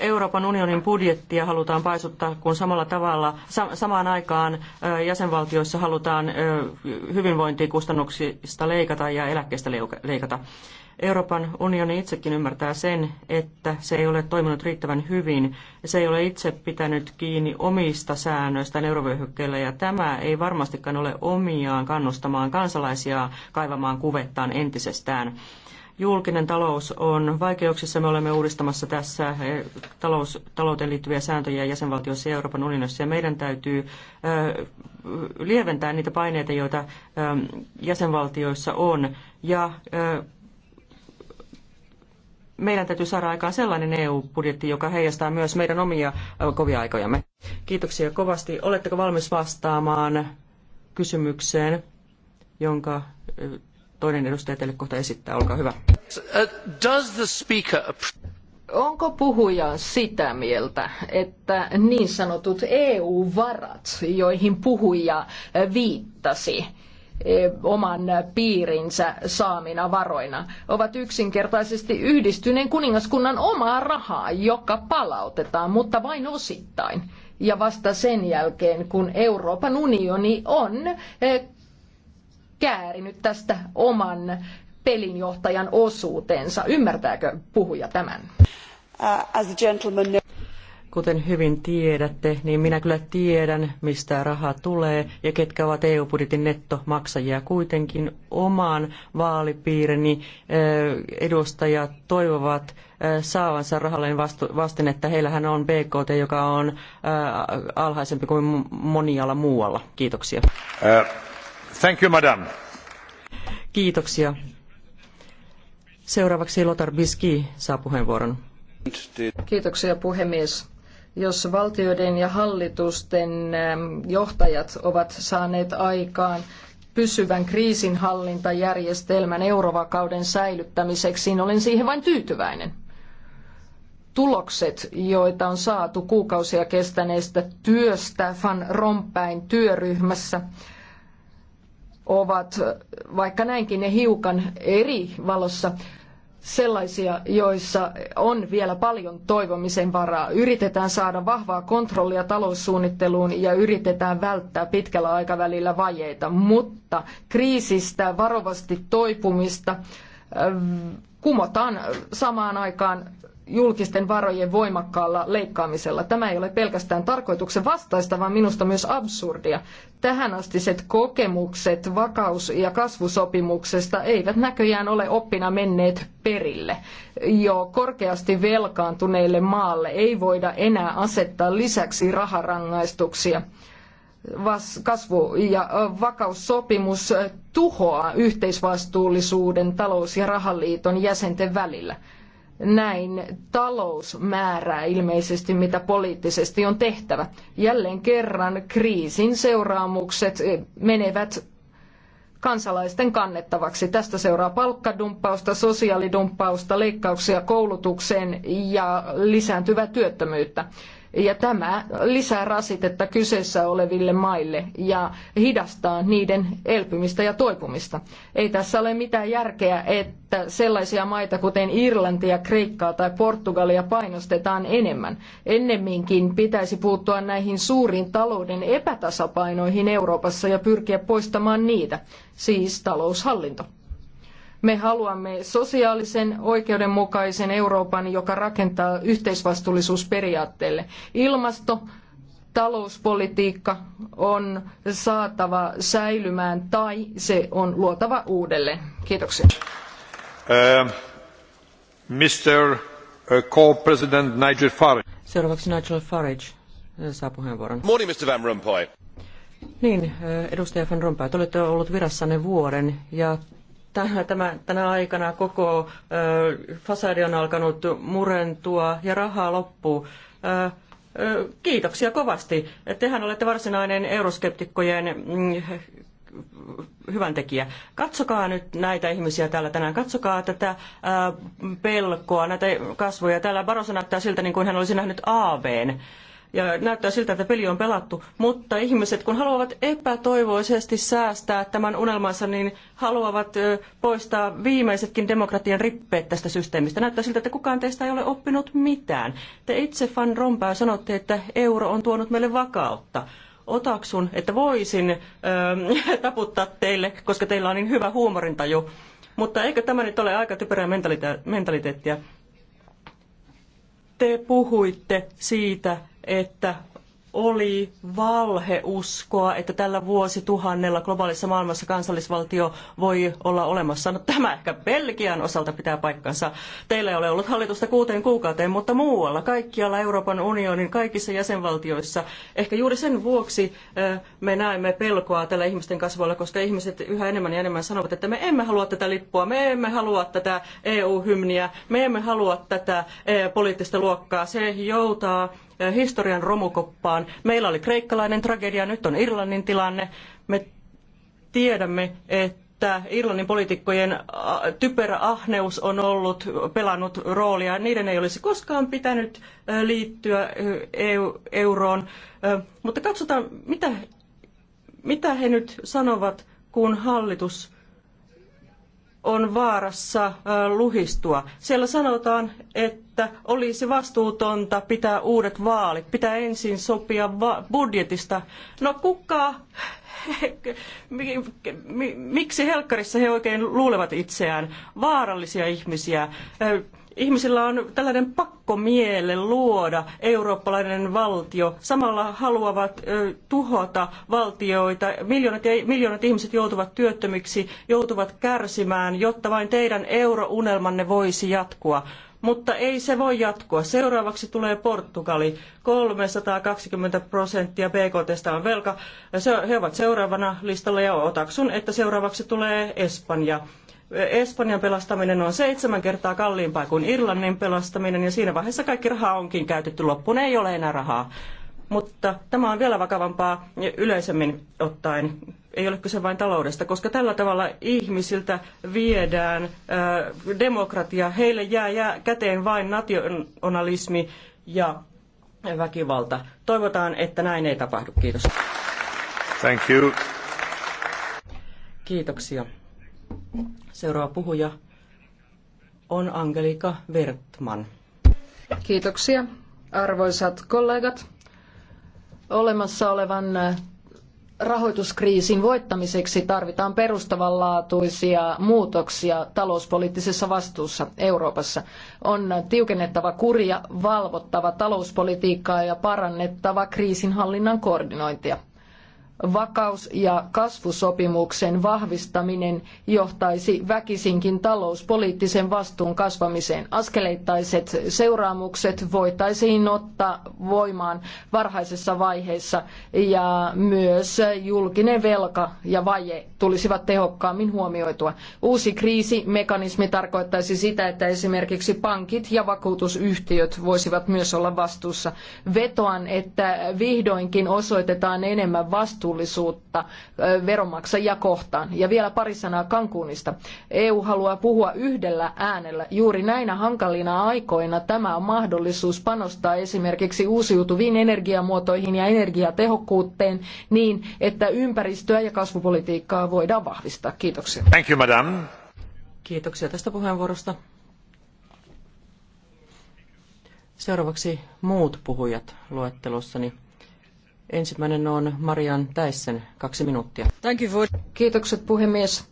Euroopan unionin budjettia halutaan paisuttaa, kun samalla tavalla samaan aikaan jäsenvaltioissa halutaan hyvinvointikustannuksista leikata ja eläkkeistä leikata. Euroopan unioni itsekin ymmärtää sen, että se ei ole toiminut riittävän hyvin. Se ei ole itse pitänyt kiinni omista säännöistään eurovyöhykkeellä ja tämä ei varmastikaan ole omiaan kannustamaan kansalaisia kaivamaan kuvettaan entisestään. Julkinen talous on vaikeuksissa. Me olemme uudistamassa tässä eh, talous, talouteen liittyviä sääntöjä jäsenvaltioissa ja Euroopan unionissa. Ja meidän täytyy eh, lieventää niitä paineita, joita eh, jäsenvaltioissa on. Ja meidän täytyy saada aikaan sellainen EU-budjetti, joka heijastaa myös meidän omia kovia aikojamme. Kiitoksia kovasti. Oletteko valmis vastaamaan kysymykseen, jonka toinen edustaja teille kohta esittää. Olkaa hyvä. Does the speaker... Onko puhuja sitä mieltä, että niin sanotut EU-varat, joihin puhuja viittasi, e, oman piirinsä saamina varoina ovat yksinkertaisesti yhdistyneen kuningaskunnan omaa rahaa, joka palautetaan, mutta vain osittain ja vasta sen jälkeen, kun Euroopan unioni on e, käärinyt tästä oman pelinjohtajan osuutensa. Ymmärtääkö puhuja tämän? Uh, no- Kuten hyvin tiedätte, niin minä kyllä tiedän, mistä raha tulee ja ketkä ovat EU-budjetin nettomaksajia. Kuitenkin oman vaalipiirini eh, edustajat toivovat eh, saavansa rahalleen että Heillähän on BKT, joka on eh, alhaisempi kuin monialla muualla. Kiitoksia. Kiitoksia. Seuraavaksi Lothar Biski saa puheenvuoron. Kiitoksia puhemies jos valtioiden ja hallitusten ähm, johtajat ovat saaneet aikaan pysyvän kriisinhallintajärjestelmän eurovakauden säilyttämiseksi, niin olen siihen vain tyytyväinen. Tulokset, joita on saatu kuukausia kestäneestä työstä Van Rompäin työryhmässä, ovat, vaikka näinkin ne hiukan eri valossa, sellaisia, joissa on vielä paljon toivomisen varaa. Yritetään saada vahvaa kontrollia taloussuunnitteluun ja yritetään välttää pitkällä aikavälillä vajeita, mutta kriisistä varovasti toipumista äh, kumotaan samaan aikaan julkisten varojen voimakkaalla leikkaamisella. Tämä ei ole pelkästään tarkoituksen vastaista, vaan minusta myös absurdia. Tähänastiset kokemukset vakaus- ja kasvusopimuksesta eivät näköjään ole oppina menneet perille. Jo korkeasti velkaantuneelle maalle ei voida enää asettaa lisäksi raharangaistuksia kasvu- ja vakaussopimus tuhoaa yhteisvastuullisuuden talous- ja rahaliiton jäsenten välillä näin talous määrää ilmeisesti, mitä poliittisesti on tehtävä. Jälleen kerran kriisin seuraamukset menevät kansalaisten kannettavaksi. Tästä seuraa palkkadumppausta, sosiaalidumppausta, leikkauksia koulutukseen ja lisääntyvää työttömyyttä ja tämä lisää rasitetta kyseessä oleville maille ja hidastaa niiden elpymistä ja toipumista. Ei tässä ole mitään järkeä, että sellaisia maita kuten Irlantia, Kreikkaa tai Portugalia painostetaan enemmän. Ennemminkin pitäisi puuttua näihin suuriin talouden epätasapainoihin Euroopassa ja pyrkiä poistamaan niitä, siis taloushallinto. Me haluamme sosiaalisen, oikeudenmukaisen Euroopan, joka rakentaa yhteisvastuullisuusperiaatteelle. Ilmasto, talouspolitiikka on saatava säilymään tai se on luotava uudelleen. Kiitoksia. Uh, ähm, äh, Mr. Co-president Nigel Farage. Seuraavaksi Nigel Farage äh, saa puheenvuoron. Morning, Mr. Van Rompuy. Niin, äh, edustaja Van Rompuy, te olette ollut virassanne vuoden ja tämä, tänä aikana koko fasadi on alkanut murentua ja rahaa loppuu. kiitoksia kovasti. Tehän olette varsinainen euroskeptikkojen mm, hyvän tekijä. Katsokaa nyt näitä ihmisiä täällä tänään, katsokaa tätä pelkoa, näitä kasvoja. Täällä Barossa näyttää siltä, niin kuin hän olisi nähnyt aaveen ja näyttää siltä, että peli on pelattu. Mutta ihmiset, kun haluavat epätoivoisesti säästää tämän unelmansa, niin haluavat poistaa viimeisetkin demokratian rippeet tästä systeemistä. Näyttää siltä, että kukaan teistä ei ole oppinut mitään. Te itse, Van Rompää, sanotte, että euro on tuonut meille vakautta otaksun, että voisin taputtaa teille, koska teillä on niin hyvä huumorintaju. Mutta eikö tämä nyt ole aika typerää mentaliteettia? Te puhuitte siitä, että oli valhe uskoa, että tällä vuosituhannella globaalissa maailmassa kansallisvaltio voi olla olemassa. No, tämä ehkä Belgian osalta pitää paikkansa. Teillä ei ole ollut hallitusta kuuteen kuukauteen, mutta muualla, kaikkialla Euroopan unionin, kaikissa jäsenvaltioissa. Ehkä juuri sen vuoksi me näemme pelkoa tällä ihmisten kasvoilla, koska ihmiset yhä enemmän ja enemmän sanovat, että me emme halua tätä lippua, me emme halua tätä EU-hymniä, me emme halua tätä poliittista luokkaa. Se joutaa Eh, historian romukoppaan. Meillä oli kreikkalainen tragedia, nyt on Irlannin tilanne. Me tiedämme, että Irlannin poliitikkojen typerä ahneus on ollut, pelannut roolia. Niiden ei olisi koskaan pitänyt eh, liittyä eh, EU, euroon. Mutta katsotaan, mitä, mitä he nyt sanovat, kun hallitus on vaarassa luhistua. Siellä sanotaan, että olisi vastuutonta pitää uudet vaalit, pitää ensin sopia budjetista. No kuka, miksi helkkarissa he oikein luulevat itseään? Vaarallisia ihmisiä. Ihmisillä on tällainen pakkomielle luoda eurooppalainen valtio. Samalla haluavat ö, tuhota valtioita. Miljoonat, ja, miljoonat ihmiset joutuvat työttömiksi, joutuvat kärsimään, jotta vain teidän eurounelmanne voisi jatkua. Mutta ei se voi jatkua. Seuraavaksi tulee Portugali. 320 prosenttia BKT on velka. he ovat seuraavana listalla ja otaksun, että seuraavaksi tulee Espanja. Espanjan pelastaminen on seitsemän kertaa kalliimpaa kuin Irlannin pelastaminen ja siinä vaiheessa kaikki raha onkin käytetty loppuun, ei ole enää rahaa. Mutta tämä on vielä vakavampaa yleisemmin ottaen. Ei ole kyse vain taloudesta, koska tällä tavalla ihmisiltä viedään äh, demokratia. Heille jää, jää käteen vain nationalismi ja väkivalta. Toivotaan, että näin ei tapahdu. Kiitos. Thank you. Kiitoksia. Seuraava puhuja on Angelika Wertman. Kiitoksia, arvoisat kollegat. Olemassa olevan äh, rahoituskriisin voittamiseksi tarvitaan perustavanlaatuisia muutoksia talouspoliittisessa vastuussa Euroopassa. On tiukennettava kuria, valvottava talouspolitiikkaa ja parannettava kriisinhallinnan koordinointia. Vakaus- ja kasvusopimuksen vahvistaminen johtaisi väkisinkin talouspoliittisen vastuun kasvamiseen. Askeleittaiset seuraamukset voitaisiin ottaa voimaan varhaisessa vaiheessa ja myös julkinen velka ja vaje tulisivat tehokkaammin huomioitua. Uusi kriisimekanismi tarkoittaisi sitä, että esimerkiksi pankit ja vakuutusyhtiöt voisivat myös olla vastuussa. Vetoan, että vihdoinkin osoitetaan enemmän vastuuta vastuullisuutta veronmaksajia kohtaan. Ja vielä pari sanaa Cancunista. EU haluaa puhua yhdellä äänellä. Juuri näinä hankalina aikoina tämä on mahdollisuus panostaa esimerkiksi uusiutuviin energiamuotoihin ja energiatehokkuuteen niin, että ympäristöä ja kasvupolitiikkaa voidaan vahvistaa. Kiitoksia. Thank you, madam. Kiitoksia tästä puheenvuorosta. Seuraavaksi muut puhujat luettelossani. Ensimmäinen on Marian Täissen, kaksi minuuttia. Thank you for... Kiitokset puhemies.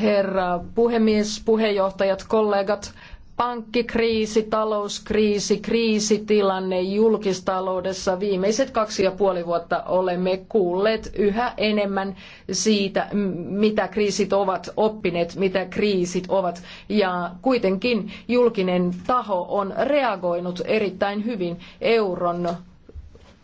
Herra puhemies, puheenjohtajat, kollegat, pankkikriisi, talouskriisi, kriisitilanne julkistaloudessa. Viimeiset kaksi ja puoli vuotta olemme kuulleet yhä enemmän siitä, mitä kriisit ovat oppineet, mitä kriisit ovat. Ja kuitenkin julkinen taho on reagoinut erittäin hyvin euron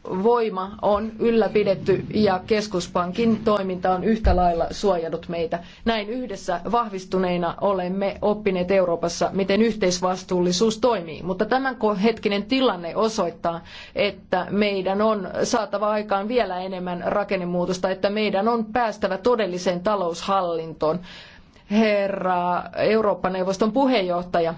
voima on ylläpidetty ja keskuspankin toiminta on yhtä lailla suojannut meitä. Näin yhdessä vahvistuneina olemme oppineet Euroopassa, miten yhteisvastuullisuus toimii. Mutta tämän hetkinen tilanne osoittaa, että meidän on saatava aikaan vielä enemmän rakennemuutosta, että meidän on päästävä todelliseen taloushallintoon. Herra Eurooppa-neuvoston puheenjohtaja,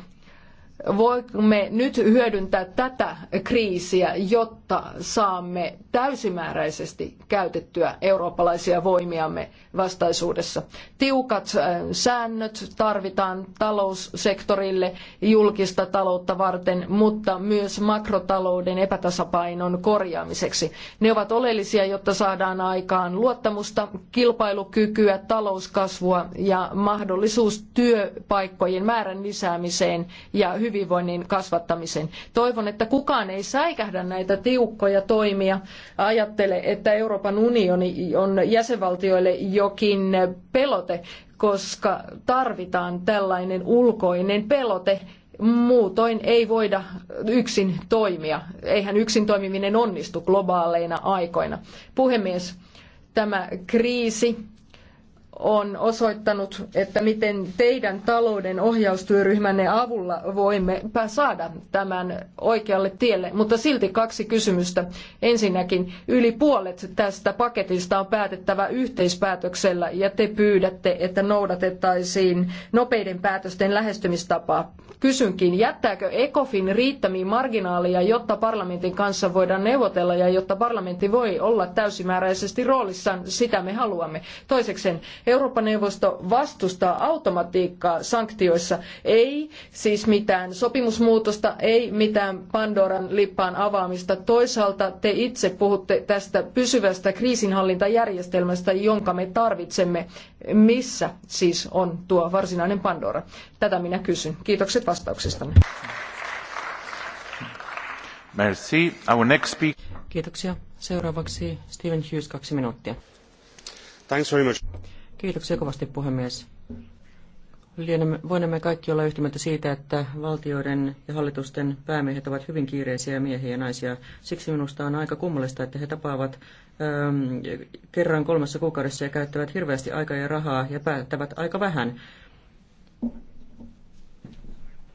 voimme nyt hyödyntää tätä kriisiä, jotta saamme täysimääräisesti käytettyä eurooppalaisia voimiamme vastaisuudessa. Tiukat äh, säännöt tarvitaan taloussektorille julkista taloutta varten, mutta myös makrotalouden epätasapainon korjaamiseksi. Ne ovat oleellisia, jotta saadaan aikaan luottamusta, kilpailukykyä, talouskasvua ja mahdollisuus työpaikkojen määrän lisäämiseen ja hyvinvoinnin kasvattamisen. Toivon, että kukaan ei säikähdä näitä tiukkoja toimia. Ajattele, että Euroopan unioni on jäsenvaltioille jokin pelote, koska tarvitaan tällainen ulkoinen pelote, muutoin ei voida yksin toimia. Eihän yksin toimiminen onnistu globaaleina aikoina. Puhemies, tämä kriisi on osoittanut, että miten teidän talouden ohjaustyöryhmänne avulla voimme saada tämän oikealle tielle. Mutta silti kaksi kysymystä. Ensinnäkin yli puolet tästä paketista on päätettävä yhteispäätöksellä ja te pyydätte, että noudatettaisiin nopeiden päätösten lähestymistapaa. Kysynkin, jättääkö ECOFIN riittämiin marginaalia, jotta parlamentin kanssa voidaan neuvotella ja jotta parlamentti voi olla täysimääräisesti roolissaan, sitä me haluamme. Toisekseen Euroopan neuvosto vastustaa automatiikkaa sanktioissa, ei siis mitään sopimusmuutosta, ei mitään Pandoran lippaan avaamista. Toisaalta te itse puhutte tästä pysyvästä kriisinhallintajärjestelmästä, jonka me tarvitsemme. Missä siis on tuo varsinainen Pandora? Tätä minä kysyn. Kiitokset vastauksestanne. Merci. Our next speaker. Kiitoksia. Seuraavaksi Stephen Hughes, kaksi minuuttia. Thanks very much. Kiitoksia kovasti puhemies. Lienemme, voinemme kaikki olla yhtymättä siitä, että valtioiden ja hallitusten päämiehet ovat hyvin kiireisiä miehiä ja naisia. Siksi minusta on aika kummallista, että he tapaavat äm, kerran kolmessa kuukaudessa ja käyttävät hirveästi aikaa ja rahaa ja päättävät aika vähän.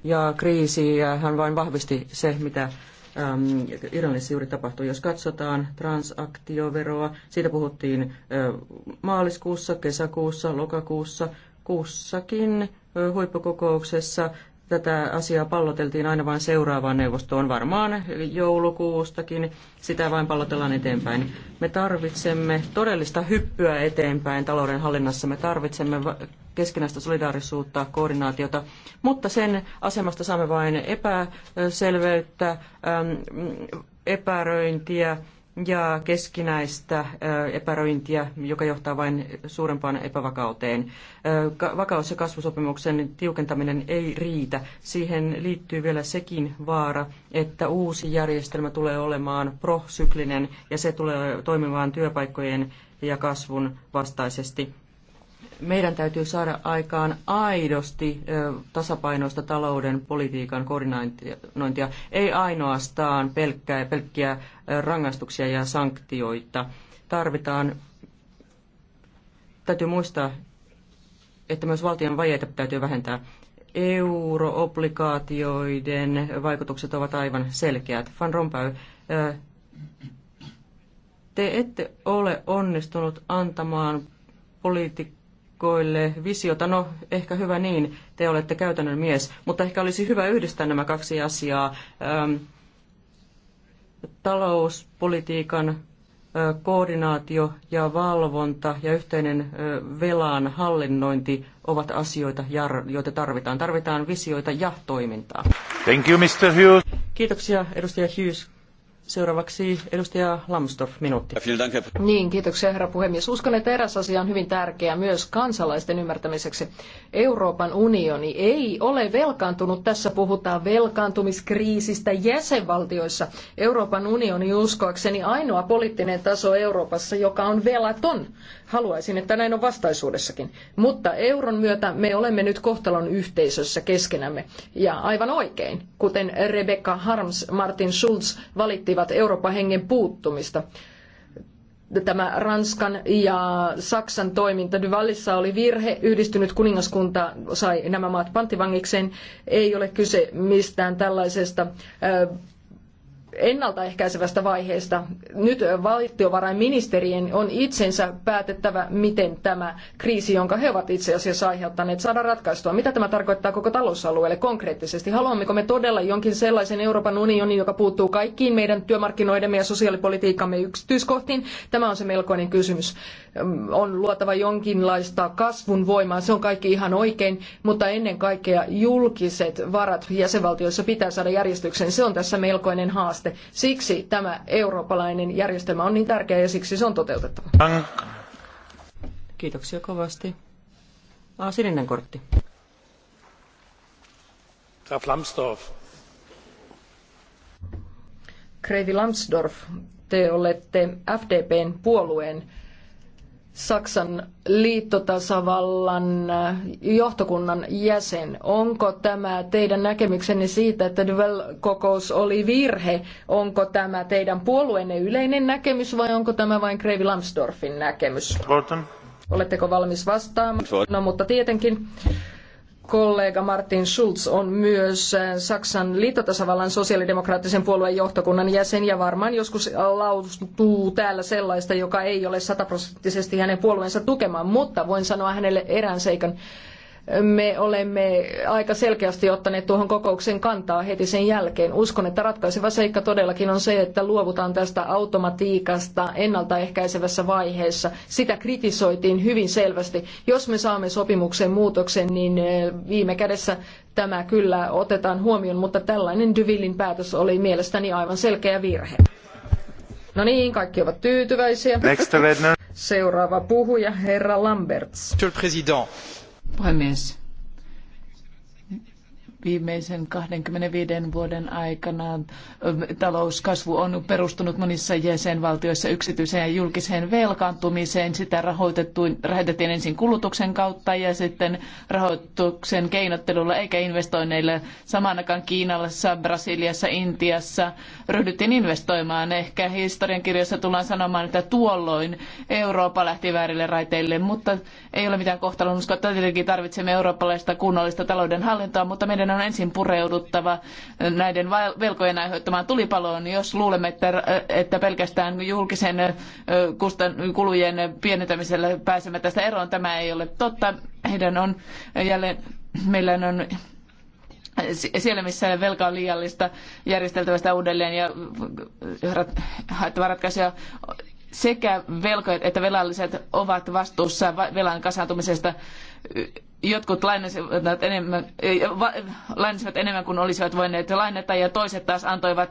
Ja kriisi, ja hän vain vahvisti se, mitä äm, Iranissa juuri tapahtui. Jos katsotaan transaktioveroa, siitä puhuttiin ä, maaliskuussa, kesäkuussa, lokakuussa, kussakin huippukokouksessa tätä asiaa palloteltiin aina vain seuraavaan neuvostoon, varmaan joulukuustakin, sitä vain pallotellaan eteenpäin. Me tarvitsemme todellista hyppyä eteenpäin talouden hallinnassa, me tarvitsemme keskinäistä solidaarisuutta, koordinaatiota, mutta sen asemasta saamme vain epäselveyttä, epäröintiä, ja keskinäistä epäröintiä, joka johtaa vain suurempaan epävakauteen. Vakaus- ja kasvusopimuksen tiukentaminen ei riitä. Siihen liittyy vielä sekin vaara, että uusi järjestelmä tulee olemaan prosyklinen ja se tulee toimimaan työpaikkojen ja kasvun vastaisesti meidän täytyy saada aikaan aidosti tasapainoista talouden politiikan koordinointia, ei ainoastaan pelkkää, pelkkiä rangaistuksia ja sanktioita. Tarvitaan, täytyy muistaa, että myös valtion vajeita täytyy vähentää. Euroobligaatioiden vaikutukset ovat aivan selkeät. Van Rompuy, te ette ole onnistunut antamaan poliitikkoja poliitikoille visiota. No, ehkä hyvä niin, te olette käytännön mies, mutta ehkä olisi hyvä yhdistää nämä kaksi asiaa. Ähm, talouspolitiikan äh, koordinaatio ja valvonta ja yhteinen äh, velan hallinnointi ovat asioita, joita tarvitaan. Tarvitaan visioita ja toimintaa. Thank you, Mr. Hughes. Kiitoksia, edustaja Hughes. Seuraavaksi edustaja Lamstorff, minuutti. Niin, kiitoksia herra puhemies. Uskon, että eräs asia on hyvin tärkeä myös kansalaisten ymmärtämiseksi. Euroopan unioni ei ole velkaantunut. Tässä puhutaan velkaantumiskriisistä jäsenvaltioissa. Euroopan unioni uskoakseni ainoa poliittinen taso Euroopassa, joka on velaton. Haluaisin, että näin on vastaisuudessakin. Mutta euron myötä me olemme nyt kohtalon yhteisössä keskenämme. Ja aivan oikein, kuten Rebecca Harms, Martin Schulz valitti vaativat Euroopan hengen puuttumista. Tämä Ranskan ja Saksan toiminta Duvalissa oli virhe. Yhdistynyt kuningaskunta sai nämä maat panttivangikseen. Ei ole kyse mistään tällaisesta ennaltaehkäisevästä vaiheesta. Nyt valtiovarainministerien on itsensä päätettävä, miten tämä kriisi, jonka he ovat itse asiassa aiheuttaneet, saada ratkaistua. Mitä tämä tarkoittaa koko talousalueelle konkreettisesti? Haluammeko me todella jonkin sellaisen Euroopan unionin, joka puuttuu kaikkiin meidän työmarkkinoidemme ja sosiaalipolitiikkamme yksityiskohtiin? Tämä on se melkoinen kysymys. On luotava jonkinlaista kasvun voimaa, se on kaikki ihan oikein, mutta ennen kaikkea julkiset varat jäsenvaltioissa pitää saada järjestykseen. Se on tässä melkoinen haaste haaste. Siksi tämä eurooppalainen järjestelmä on niin tärkeä ja siksi se on toteutettava. Kiitoksia kovasti. Aa, ah, sininen kortti. Graf Lambsdorff. Kreivi Lambsdorff, te olette FDPn puolueen Saksan liittotasavallan johtokunnan jäsen. Onko tämä teidän näkemyksenne siitä, että Duvel-kokous oli virhe? Onko tämä teidän puolueenne yleinen näkemys vai onko tämä vain Kreivi Lambsdorffin näkemys? Oletteko valmis vastaamaan? No mutta tietenkin kollega Martin Schulz on myös eh, Saksan liittotasavallan sosiaalidemokraattisen puolueen johtokunnan jäsen ja varmaan joskus lausuu täällä sellaista, joka ei ole sataprosenttisesti hänen puolueensa tukemaan, mutta voin sanoa hänelle erään seikan me olemme aika selkeästi ottaneet tuohon kokouksen kantaa heti sen jälkeen. Uskon, että ratkaiseva seikka todellakin on se, että luovutaan tästä automatiikasta ennaltaehkäisevässä vaiheessa. Sitä kritisoitiin hyvin selvästi. Jos me saamme sopimuksen muutoksen, niin eh, viime kädessä tämä kyllä otetaan huomioon, mutta tällainen Dyvillin päätös oli mielestäni aivan selkeä virhe. No niin, kaikki ovat tyytyväisiä. Seuraava puhuja, herra Lamberts. Monsieur le Président, Puhemies, viimeisen 25 vuoden aikana talouskasvu on perustunut monissa jäsenvaltioissa yksityiseen ja julkiseen velkaantumiseen. Sitä rahoitettiin ensin kulutuksen kautta ja sitten rahoituksen keinottelulla eikä investoinneilla. aikaan Kiinassa, Brasiliassa, Intiassa ryhdyttiin investoimaan. Ehkä historiankirjassa tullaan sanomaan, että tuolloin Eurooppa lähti väärille raiteille, mutta ei ole mitään kohtalon uskoa. Tietenkin tarvitsemme eurooppalaista kunnollista talouden hallintaa, mutta meidän on ensin pureuduttava näiden velkojen aiheuttamaan tulipaloon, jos luulemme, että, että pelkästään julkisen kustan, kulujen pienentämisellä pääsemme tästä eroon. Tämä ei ole totta. Heidän on jälleen, meillä on siellä, missä velka on liiallista, sitä uudelleen ja haettava ratkaisuja sekä velkojat että velalliset ovat vastuussa velan kasaantumisesta jotkut lainasivat enemmän, lainasivat enemmän kuin olisivat voineet lainata ja toiset taas antoivat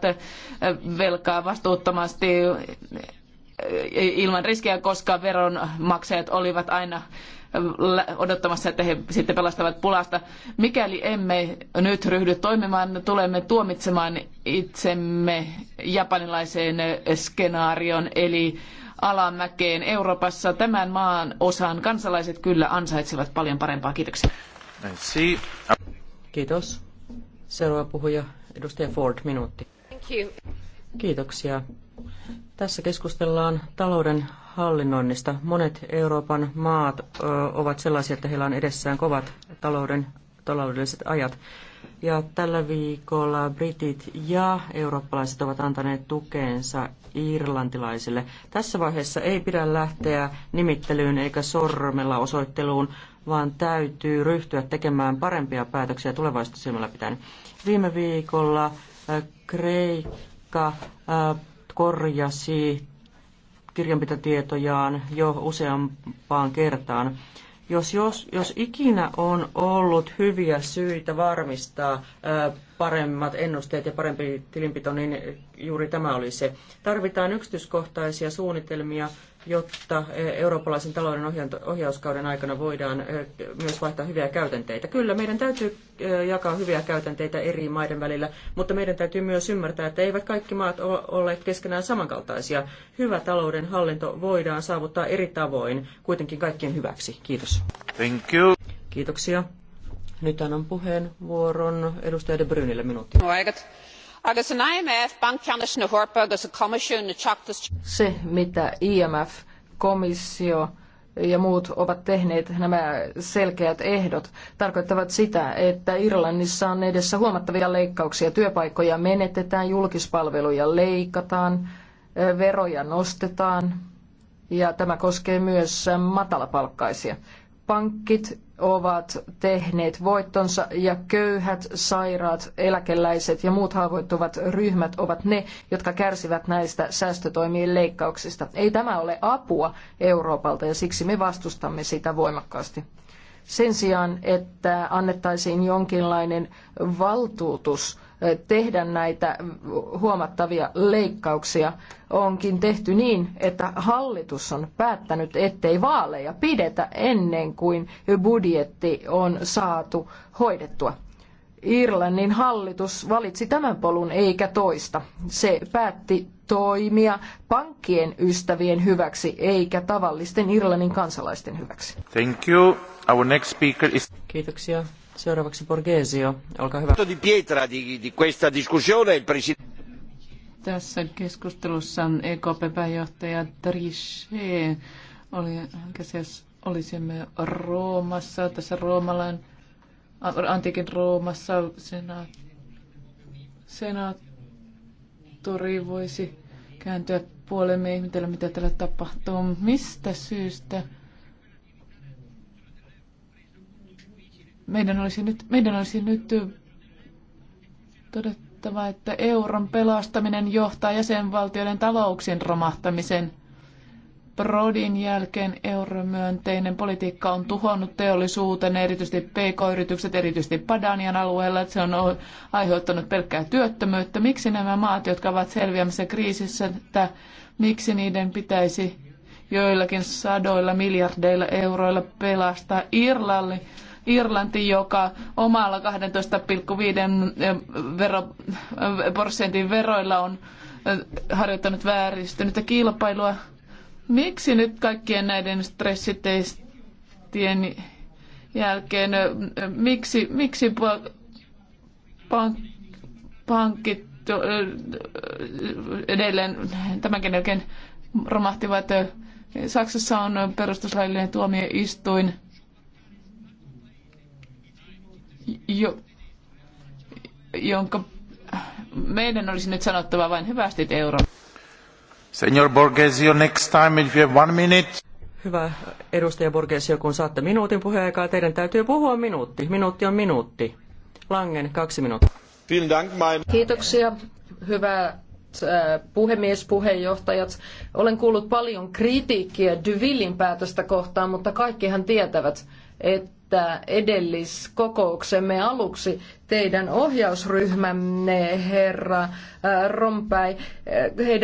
velkaa vastuuttomasti ilman riskiä, koska veronmaksajat olivat aina odottamassa, että he sitten pelastavat pulasta. Mikäli emme nyt ryhdy toimimaan, tulemme tuomitsemaan itsemme japanilaiseen skenaarioon, eli alamäkeen Euroopassa. Tämän maan osan kansalaiset kyllä ansaitsevat paljon parempaa. Kiitoksia. Kiitos. Seuraava puhuja, edustaja Ford, minuutti. Kiitoksia. Tässä keskustellaan talouden hallinnoinnista. Monet Euroopan maat ovat sellaisia, että heillä on edessään kovat talouden, taloudelliset ajat. Ja tällä viikolla britit ja eurooppalaiset ovat antaneet tukensa irlantilaisille. Tässä vaiheessa ei pidä lähteä nimittelyyn eikä sormella osoitteluun, vaan täytyy ryhtyä tekemään parempia päätöksiä tulevaisuutta silmällä pitäen. Viime viikolla äh, Kreikka äh, korjasi kirjanpitotietojaan jo useampaan kertaan. Jos, jos, jos ikinä on ollut hyviä syitä varmistaa ää, paremmat ennusteet ja parempi tilinpito, niin juuri tämä oli se. Tarvitaan yksityiskohtaisia suunnitelmia jotta eh, eurooppalaisen talouden ohjauskauden aikana voidaan eh, myös vaihtaa hyviä käytänteitä. Kyllä, meidän täytyy eh, jakaa hyviä käytänteitä eri maiden välillä, mutta meidän täytyy myös ymmärtää, että eivät kaikki maat ole olleet keskenään samankaltaisia. Hyvä talouden hallinto voidaan saavuttaa eri tavoin, kuitenkin kaikkien hyväksi. Kiitos. Thank you. Kiitoksia. Nyt annan puheenvuoron edustaja De Brynille minuutti. No, Agus an IMF agus a Se, mitä IMF, komissio ja muut ovat tehneet nämä selkeät ehdot, tarkoittavat sitä, että Irlannissa on edessä huomattavia leikkauksia. Työpaikkoja menetetään, julkispalveluja leikataan, veroja nostetaan ja tämä koskee myös matalapalkkaisia pankit ovat tehneet voittonsa ja köyhät, sairaat, eläkeläiset ja muut haavoittuvat ryhmät ovat ne, jotka kärsivät näistä säästötoimien leikkauksista. Ei tämä ole apua Euroopalta ja siksi me vastustamme sitä voimakkaasti. Sen sijaan, että annettaisiin jonkinlainen valtuutus tehdä näitä huomattavia leikkauksia onkin tehty niin, että hallitus on päättänyt, ettei vaaleja pidetä ennen kuin budjetti on saatu hoidettua. Irlannin hallitus valitsi tämän polun eikä toista. Se päätti toimia pankkien ystävien hyväksi eikä tavallisten Irlannin kansalaisten hyväksi. Thank you. Our next speaker is... Kiitoksia. Seuraavaksi Borgesio, olkaa hyvä. Di pietra di, di questa discussione, il Tässä keskustelussa EKP-pääjohtaja Trichet oli, käsias, olisimme Roomassa, tässä Roomalan, antiikin Roomassa senaat, senaattori voisi kääntyä puolemme ihmetellä, mitä täällä tapahtuu. Mistä syystä Meidän olisi nyt, meidän olisi nyt todettava, että euron pelastaminen johtaa jäsenvaltioiden talouksien romahtamiseen. Prodin jälkeen euromyönteinen politiikka on tuhonnut teollisuuteen, erityisesti pk-yritykset, erityisesti Padanian alueella. se on aiheuttanut pelkkää työttömyyttä. Miksi nämä maat, jotka ovat selviämässä kriisissä, että miksi niiden pitäisi joillakin sadoilla miljardeilla euroilla pelastaa Irlanti? Irlanti, joka omalla 12,5 eh, vero, eh, prosentin veroilla on eh, harjoittanut vääristynyttä kilpailua. Miksi nyt kaikkien näiden stressitestien jälkeen, miksi, miksi pank, pankit edelleen tämänkin jälkeen romahtivat. Saksassa on perustuslaillinen tuomioistuin, jo, jonka meidän olisi nyt sanottava vain hyvästit euron. Senor Borgesio, next time if you have one minute. Hyvä edustaja Borgesio, kun saatte minuutin puheaikaa, teidän täytyy puhua minuutti. Minuutti on minuutti. Langen, kaksi minuuttia. Kiitoksia. Hyvä äh, puhemies, puheenjohtajat. Olen kuullut paljon kritiikkiä Dyvillin päätöstä kohtaan, mutta kaikkihan tietävät, että että edelliskokouksemme aluksi teidän ohjausryhmänne, herra äh, Rompäi.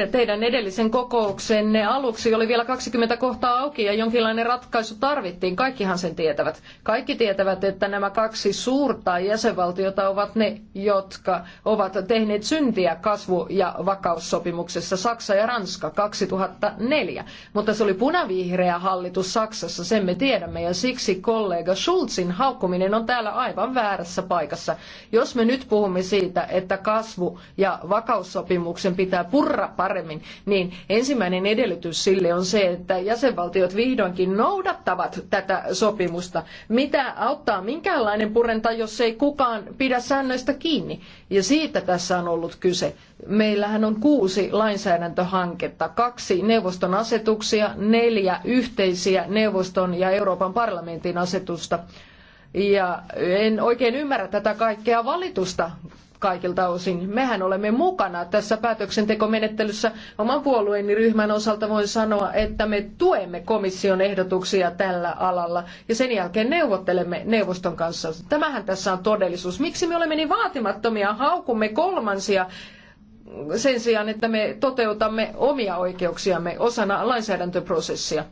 Äh, teidän edellisen kokouksenne aluksi oli vielä 20 kohtaa auki ja jonkinlainen ratkaisu tarvittiin. Kaikkihan sen tietävät. Kaikki tietävät, että nämä kaksi suurta jäsenvaltiota ovat ne, jotka ovat tehneet syntiä kasvu- ja vakaussopimuksessa Saksa ja Ranska 2004. Mutta se oli punavihreä hallitus Saksassa, sen me tiedämme, ja siksi kollega Schulzin haukkuminen on täällä aivan väärässä paikassa. Jos me nyt puhumme siitä, että kasvu- ja vakaussopimuksen pitää purra paremmin, niin ensimmäinen edellytys sille on se, että jäsenvaltiot vihdoinkin noudattavat tätä sopimusta. Mitä auttaa minkäänlainen purenta, jos ei kukaan pidä säännöistä kiinni? Ja siitä tässä on ollut kyse. Meillähän on kuusi lainsäädäntöhanketta, kaksi neuvoston asetuksia, neljä yhteisiä neuvoston ja Euroopan parlamentin asetusta. Ja en oikein ymmärrä tätä kaikkea valitusta kaikilta osin. Mehän olemme mukana tässä päätöksentekomenettelyssä. Oman puolueeni ryhmän osalta voin sanoa, että me tuemme komission ehdotuksia tällä alalla ja sen jälkeen neuvottelemme neuvoston kanssa. Tämähän tässä on todellisuus. Miksi me olemme niin vaatimattomia, haukumme kolmansia sen sijaan, että me toteutamme omia oikeuksiamme osana lainsäädäntöprosessia?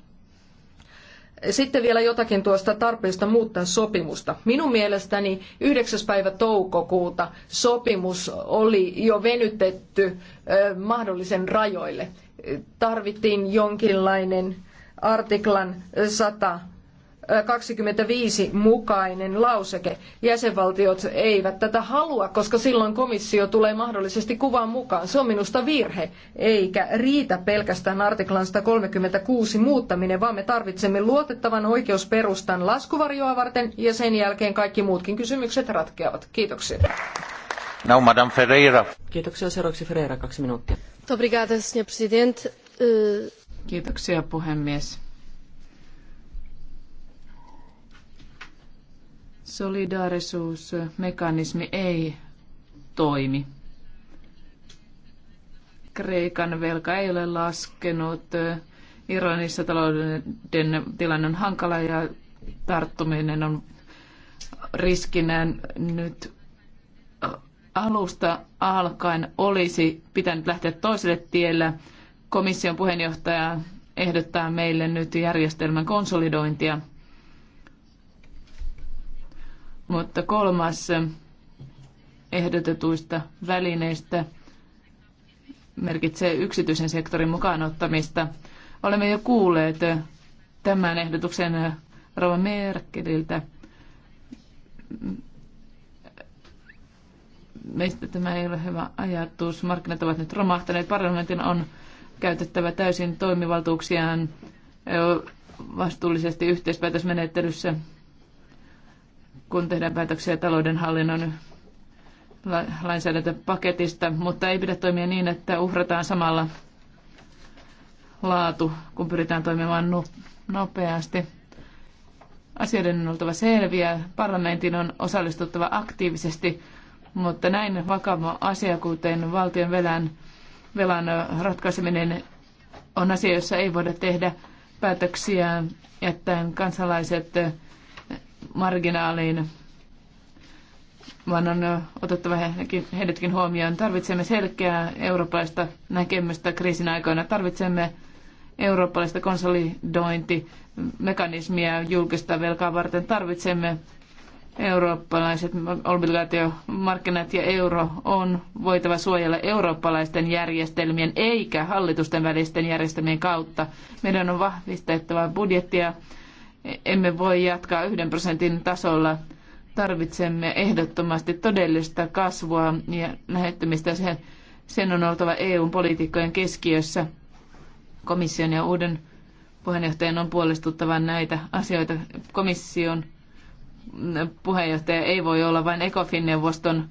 Sitten vielä jotakin tuosta tarpeesta muuttaa sopimusta. Minun mielestäni 9. päivä toukokuuta sopimus oli jo venytetty mahdollisen rajoille. Tarvittiin jonkinlainen artiklan 100 25 mukainen lauseke. Jäsenvaltiot eivät tätä halua, koska silloin komissio tulee mahdollisesti kuvaan mukaan. Se on minusta virhe, eikä riitä pelkästään artiklan 136 muuttaminen, vaan me tarvitsemme luotettavan oikeusperustan laskuvarjoa varten ja sen jälkeen kaikki muutkin kysymykset ratkeavat. Kiitoksia. Now, Madame Ferreira. Kiitoksia. Seuraavaksi Ferreira, kaksi minuuttia. Obrigada, eh, Kiitoksia, puhemies solidaarisuusmekanismi ei toimi. Kreikan velka ei ole laskenut. Iranissa talouden tilanne on hankala ja tarttuminen on riskinä nyt alusta alkaen olisi pitänyt lähteä toiselle tielle. Komission puheenjohtaja ehdottaa meille nyt järjestelmän konsolidointia. Mutta kolmas ehdotetuista välineistä merkitsee yksityisen sektorin mukaanottamista. Olemme jo kuulleet tämän ehdotuksen Rova Merkeliltä. Meistä tämä ei ole hyvä ajatus. Markkinat ovat nyt romahtaneet. Parlamentin on käytettävä täysin toimivaltuuksiaan vastuullisesti yhteispäätösmenettelyssä kun tehdään päätöksiä taloudenhallinnon lainsäädäntöpaketista, mutta ei pidä toimia niin, että uhrataan samalla laatu, kun pyritään toimimaan nopeasti. Asioiden on oltava selviä, parlamentin on osallistuttava aktiivisesti, mutta näin vakava asia, kuten valtion velan, velan ratkaiseminen, on asia, jossa ei voida tehdä päätöksiä jättäen kansalaiset marginaaliin, vaan on otettava heidätkin huomioon. Tarvitsemme selkeää eurooppalaista näkemystä kriisin aikoina. Tarvitsemme eurooppalaista konsolidointimekanismia julkista velkaa varten. Tarvitsemme eurooppalaiset obligaatiomarkkinat ja euro on voitava suojella eurooppalaisten järjestelmien eikä hallitusten välisten järjestelmien kautta. Meidän on vahvistettava budjettia emme voi jatkaa yhden prosentin tasolla. Tarvitsemme ehdottomasti todellista kasvua ja lähettämistä. Sen, sen on oltava EU-politiikkojen keskiössä. Komission ja uuden puheenjohtajan on puolestuttava näitä asioita. Komission puheenjohtaja ei voi olla vain ECOFIN-neuvoston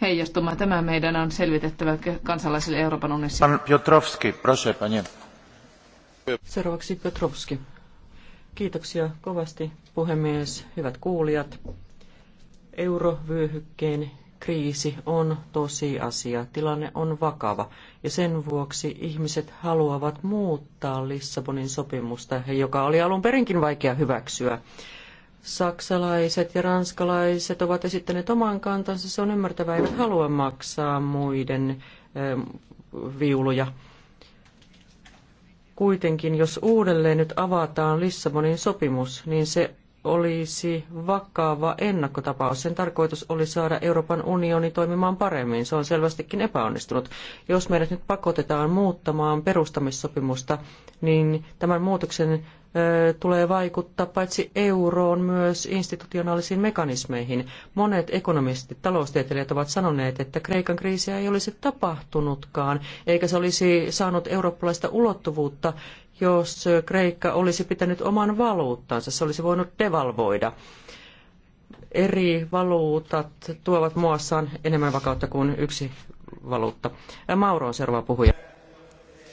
heijastuma. Tämä meidän on selvitettävä kansalaisille Euroopan unionissa. Pan Piotrowski, proszę panie. Seuraavaksi Kiitoksia kovasti, puhemies, hyvät kuulijat. Eurovyöhykkeen kriisi on tosiasia, tilanne on vakava ja sen vuoksi ihmiset haluavat muuttaa Lissabonin sopimusta, joka oli alun perinkin vaikea hyväksyä. Saksalaiset ja ranskalaiset ovat esittäneet oman kantansa, se on ymmärtävä, eivät halua maksaa muiden eh, viuluja kuitenkin, jos uudelleen nyt avataan Lissabonin sopimus, niin se olisi vakava ennakkotapaus. Sen tarkoitus oli saada Euroopan unioni toimimaan paremmin. Se on selvästikin epäonnistunut. Jos meidät nyt pakotetaan muuttamaan perustamissopimusta, niin tämän muutoksen tulee vaikuttaa paitsi euroon myös institutionaalisiin mekanismeihin. Monet ekonomistit, taloustieteilijät ovat sanoneet, että Kreikan kriisiä ei olisi tapahtunutkaan, eikä se olisi saanut eurooppalaista ulottuvuutta, jos Kreikka olisi pitänyt oman valuuttansa, se olisi voinut devalvoida. Eri valuutat tuovat muassaan enemmän vakautta kuin yksi valuutta. Mauro on seuraava puhuja.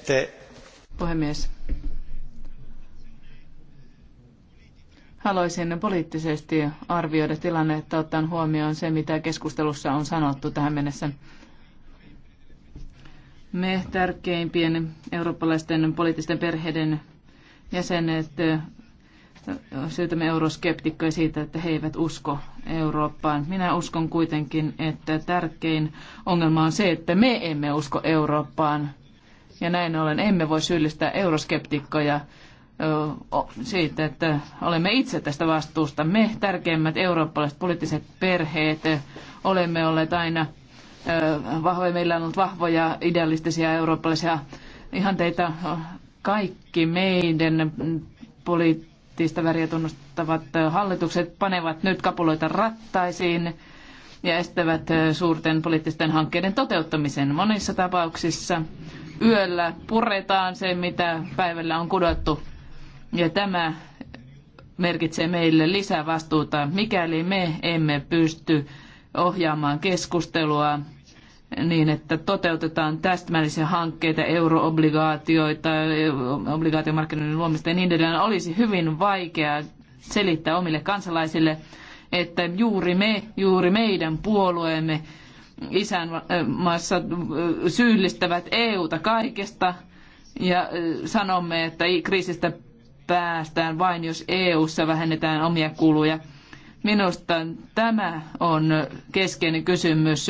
Te. Puhemies, Haluaisin poliittisesti arvioida tilannetta ottaen huomioon se, mitä keskustelussa on sanottu tähän mennessä. Me tärkeimpien eurooppalaisten poliittisten perheiden jäsenet syytämme euroskeptikkoja siitä, että he eivät usko Eurooppaan. Minä uskon kuitenkin, että tärkein ongelma on se, että me emme usko Eurooppaan. Ja näin ollen emme voi syyllistää euroskeptikkoja siitä, että olemme itse tästä vastuusta. Me tärkeimmät eurooppalaiset poliittiset perheet olemme olleet aina vahvoja, meillä on ollut vahvoja idealistisia eurooppalaisia ihan teitä kaikki meidän poliittista väriä tunnustavat hallitukset panevat nyt kapuloita rattaisiin ja estävät suurten poliittisten hankkeiden toteuttamisen monissa tapauksissa. Yöllä puretaan se, mitä päivällä on kudottu ja tämä merkitsee meille lisää vastuuta, mikäli me emme pysty ohjaamaan keskustelua niin, että toteutetaan täsmällisiä hankkeita, euroobligaatioita, obligaatiomarkkinoiden luomista ja niin edelleen, olisi hyvin vaikea selittää omille kansalaisille, että juuri me, juuri meidän puolueemme isänmaassa syyllistävät EUta kaikesta ja sanomme, että kriisistä päästään vain, jos EU-ssa vähennetään omia kuluja. Minusta tämä on keskeinen kysymys.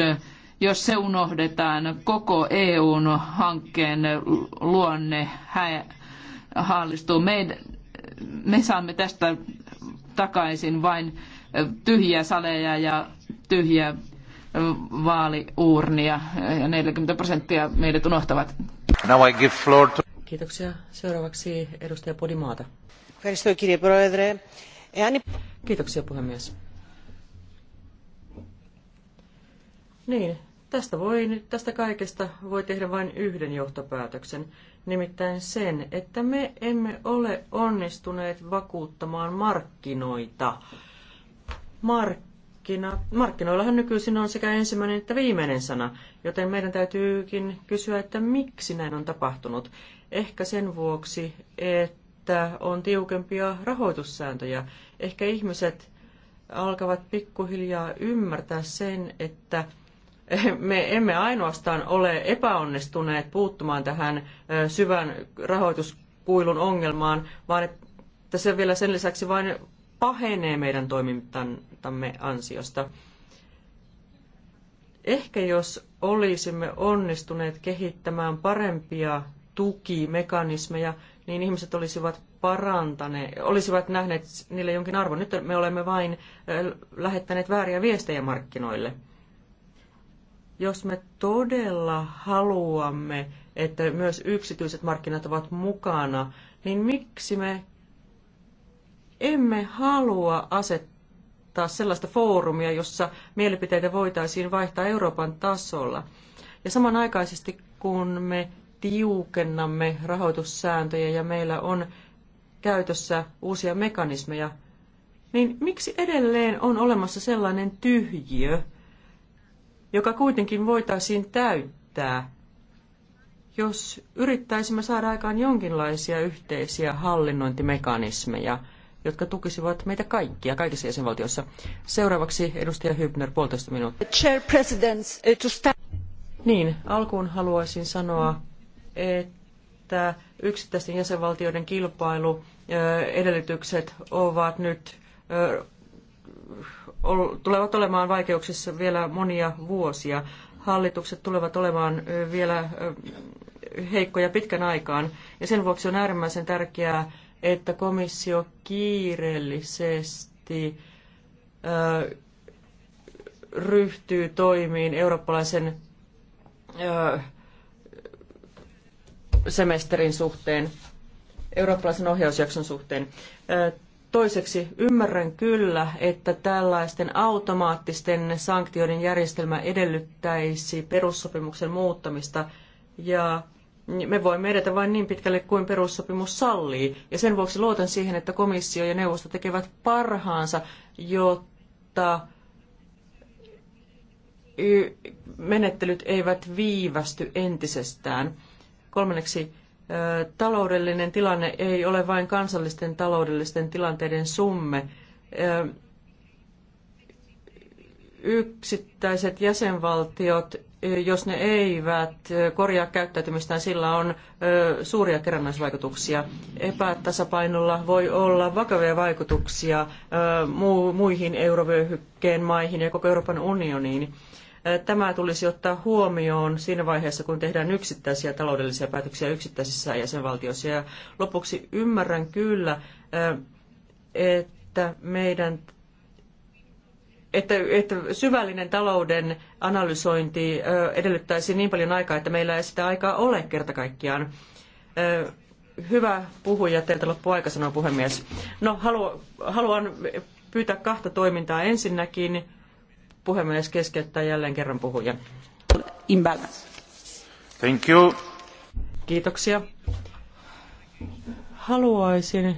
Jos se unohdetaan, koko EUn hankkeen luonne haalistuu. Me, me saamme tästä takaisin vain tyhjiä saleja ja tyhjiä vaaliuurnia. Ja 40 prosenttia meidät unohtavat. Now I give floor to... Kiitoksia. Seuraavaksi edustaja Podimaata. Kiitoksia puhemies. Niin, tästä, voi, tästä kaikesta voi tehdä vain yhden johtopäätöksen, nimittäin sen, että me emme ole onnistuneet vakuuttamaan markkinoita. Markkina, markkinoillahan nykyisin on sekä ensimmäinen että viimeinen sana, joten meidän täytyykin kysyä, että miksi näin on tapahtunut. Ehkä sen vuoksi, että on tiukempia rahoitussääntöjä. Ehkä ihmiset alkavat pikkuhiljaa ymmärtää sen, että me emme ainoastaan ole epäonnistuneet puuttumaan tähän syvän rahoituskuilun ongelmaan, vaan että se vielä sen lisäksi vain pahenee meidän toimintamme ansiosta. Ehkä jos olisimme onnistuneet kehittämään parempia tukimekanismeja, niin ihmiset olisivat parantaneet, olisivat nähneet niille jonkin arvon. Nyt me olemme vain lähettäneet vääriä viestejä markkinoille. Jos me todella haluamme, että myös yksityiset markkinat ovat mukana, niin miksi me emme halua asettaa sellaista foorumia, jossa mielipiteitä voitaisiin vaihtaa Euroopan tasolla? Ja samanaikaisesti kun me tiukennamme rahoitussääntöjä ja meillä on käytössä uusia mekanismeja, niin miksi edelleen on olemassa sellainen tyhjiö, joka kuitenkin voitaisiin täyttää, jos yrittäisimme saada aikaan jonkinlaisia yhteisiä hallinnointimekanismeja, jotka tukisivat meitä kaikkia kaikissa jäsenvaltioissa. Seuraavaksi edustaja Hübner, puolitoista minuuttia. Eh, niin, alkuun haluaisin sanoa että yksittäisten jäsenvaltioiden kilpailuedellytykset ovat nyt tulevat olemaan vaikeuksissa vielä monia vuosia. Hallitukset tulevat olemaan vielä heikkoja pitkän aikaan, ja sen vuoksi on äärimmäisen tärkeää, että komissio kiireellisesti ryhtyy toimiin eurooppalaisen semesterin suhteen, eurooppalaisen ohjausjakson suhteen. Toiseksi ymmärrän kyllä, että tällaisten automaattisten sanktioiden järjestelmä edellyttäisi perussopimuksen muuttamista ja me voimme edetä vain niin pitkälle kuin perussopimus sallii. Ja sen vuoksi luotan siihen, että komissio ja neuvosto tekevät parhaansa, jotta menettelyt eivät viivästy entisestään. Kolmanneksi, taloudellinen tilanne ei ole vain kansallisten taloudellisten tilanteiden summe. Yksittäiset jäsenvaltiot, jos ne eivät korjaa käyttäytymistään, sillä on suuria kerrannaisvaikutuksia. Epätasapainolla voi olla vakavia vaikutuksia muihin eurovyöhykkeen maihin ja koko Euroopan unioniin. Tämä tulisi ottaa huomioon siinä vaiheessa, kun tehdään yksittäisiä taloudellisia päätöksiä yksittäisissä jäsenvaltioissa. Ja lopuksi ymmärrän kyllä, että meidän että, että syvällinen talouden analysointi edellyttäisi niin paljon aikaa, että meillä ei sitä aikaa ole kerta kaikkiaan. Hyvä puhuja, teiltä loppu aika, sanoo puhemies. No, haluan pyytää kahta toimintaa. Ensinnäkin Puhemies keskeyttää jälleen kerran puhujan. Imbalance. Thank you. Kiitoksia. Haluaisin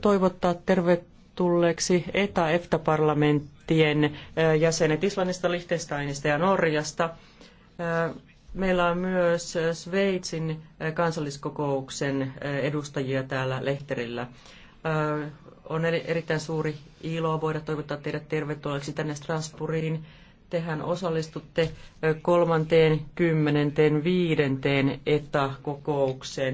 toivottaa tervetulleeksi ETA-EFTA-parlamenttien eh, jäsenet Islannista, Liechtensteinista ja Norjasta. Eh, meillä on myös Sveitsin eh, kansalliskokouksen edustajia täällä lehterillä. On erittäin suuri ilo voida toivottaa teidät tervetulleeksi tänne Strasbourgiin. Tehän osallistutte kolmanteen, kymmenenteen, viidenteen etäkokoukseen.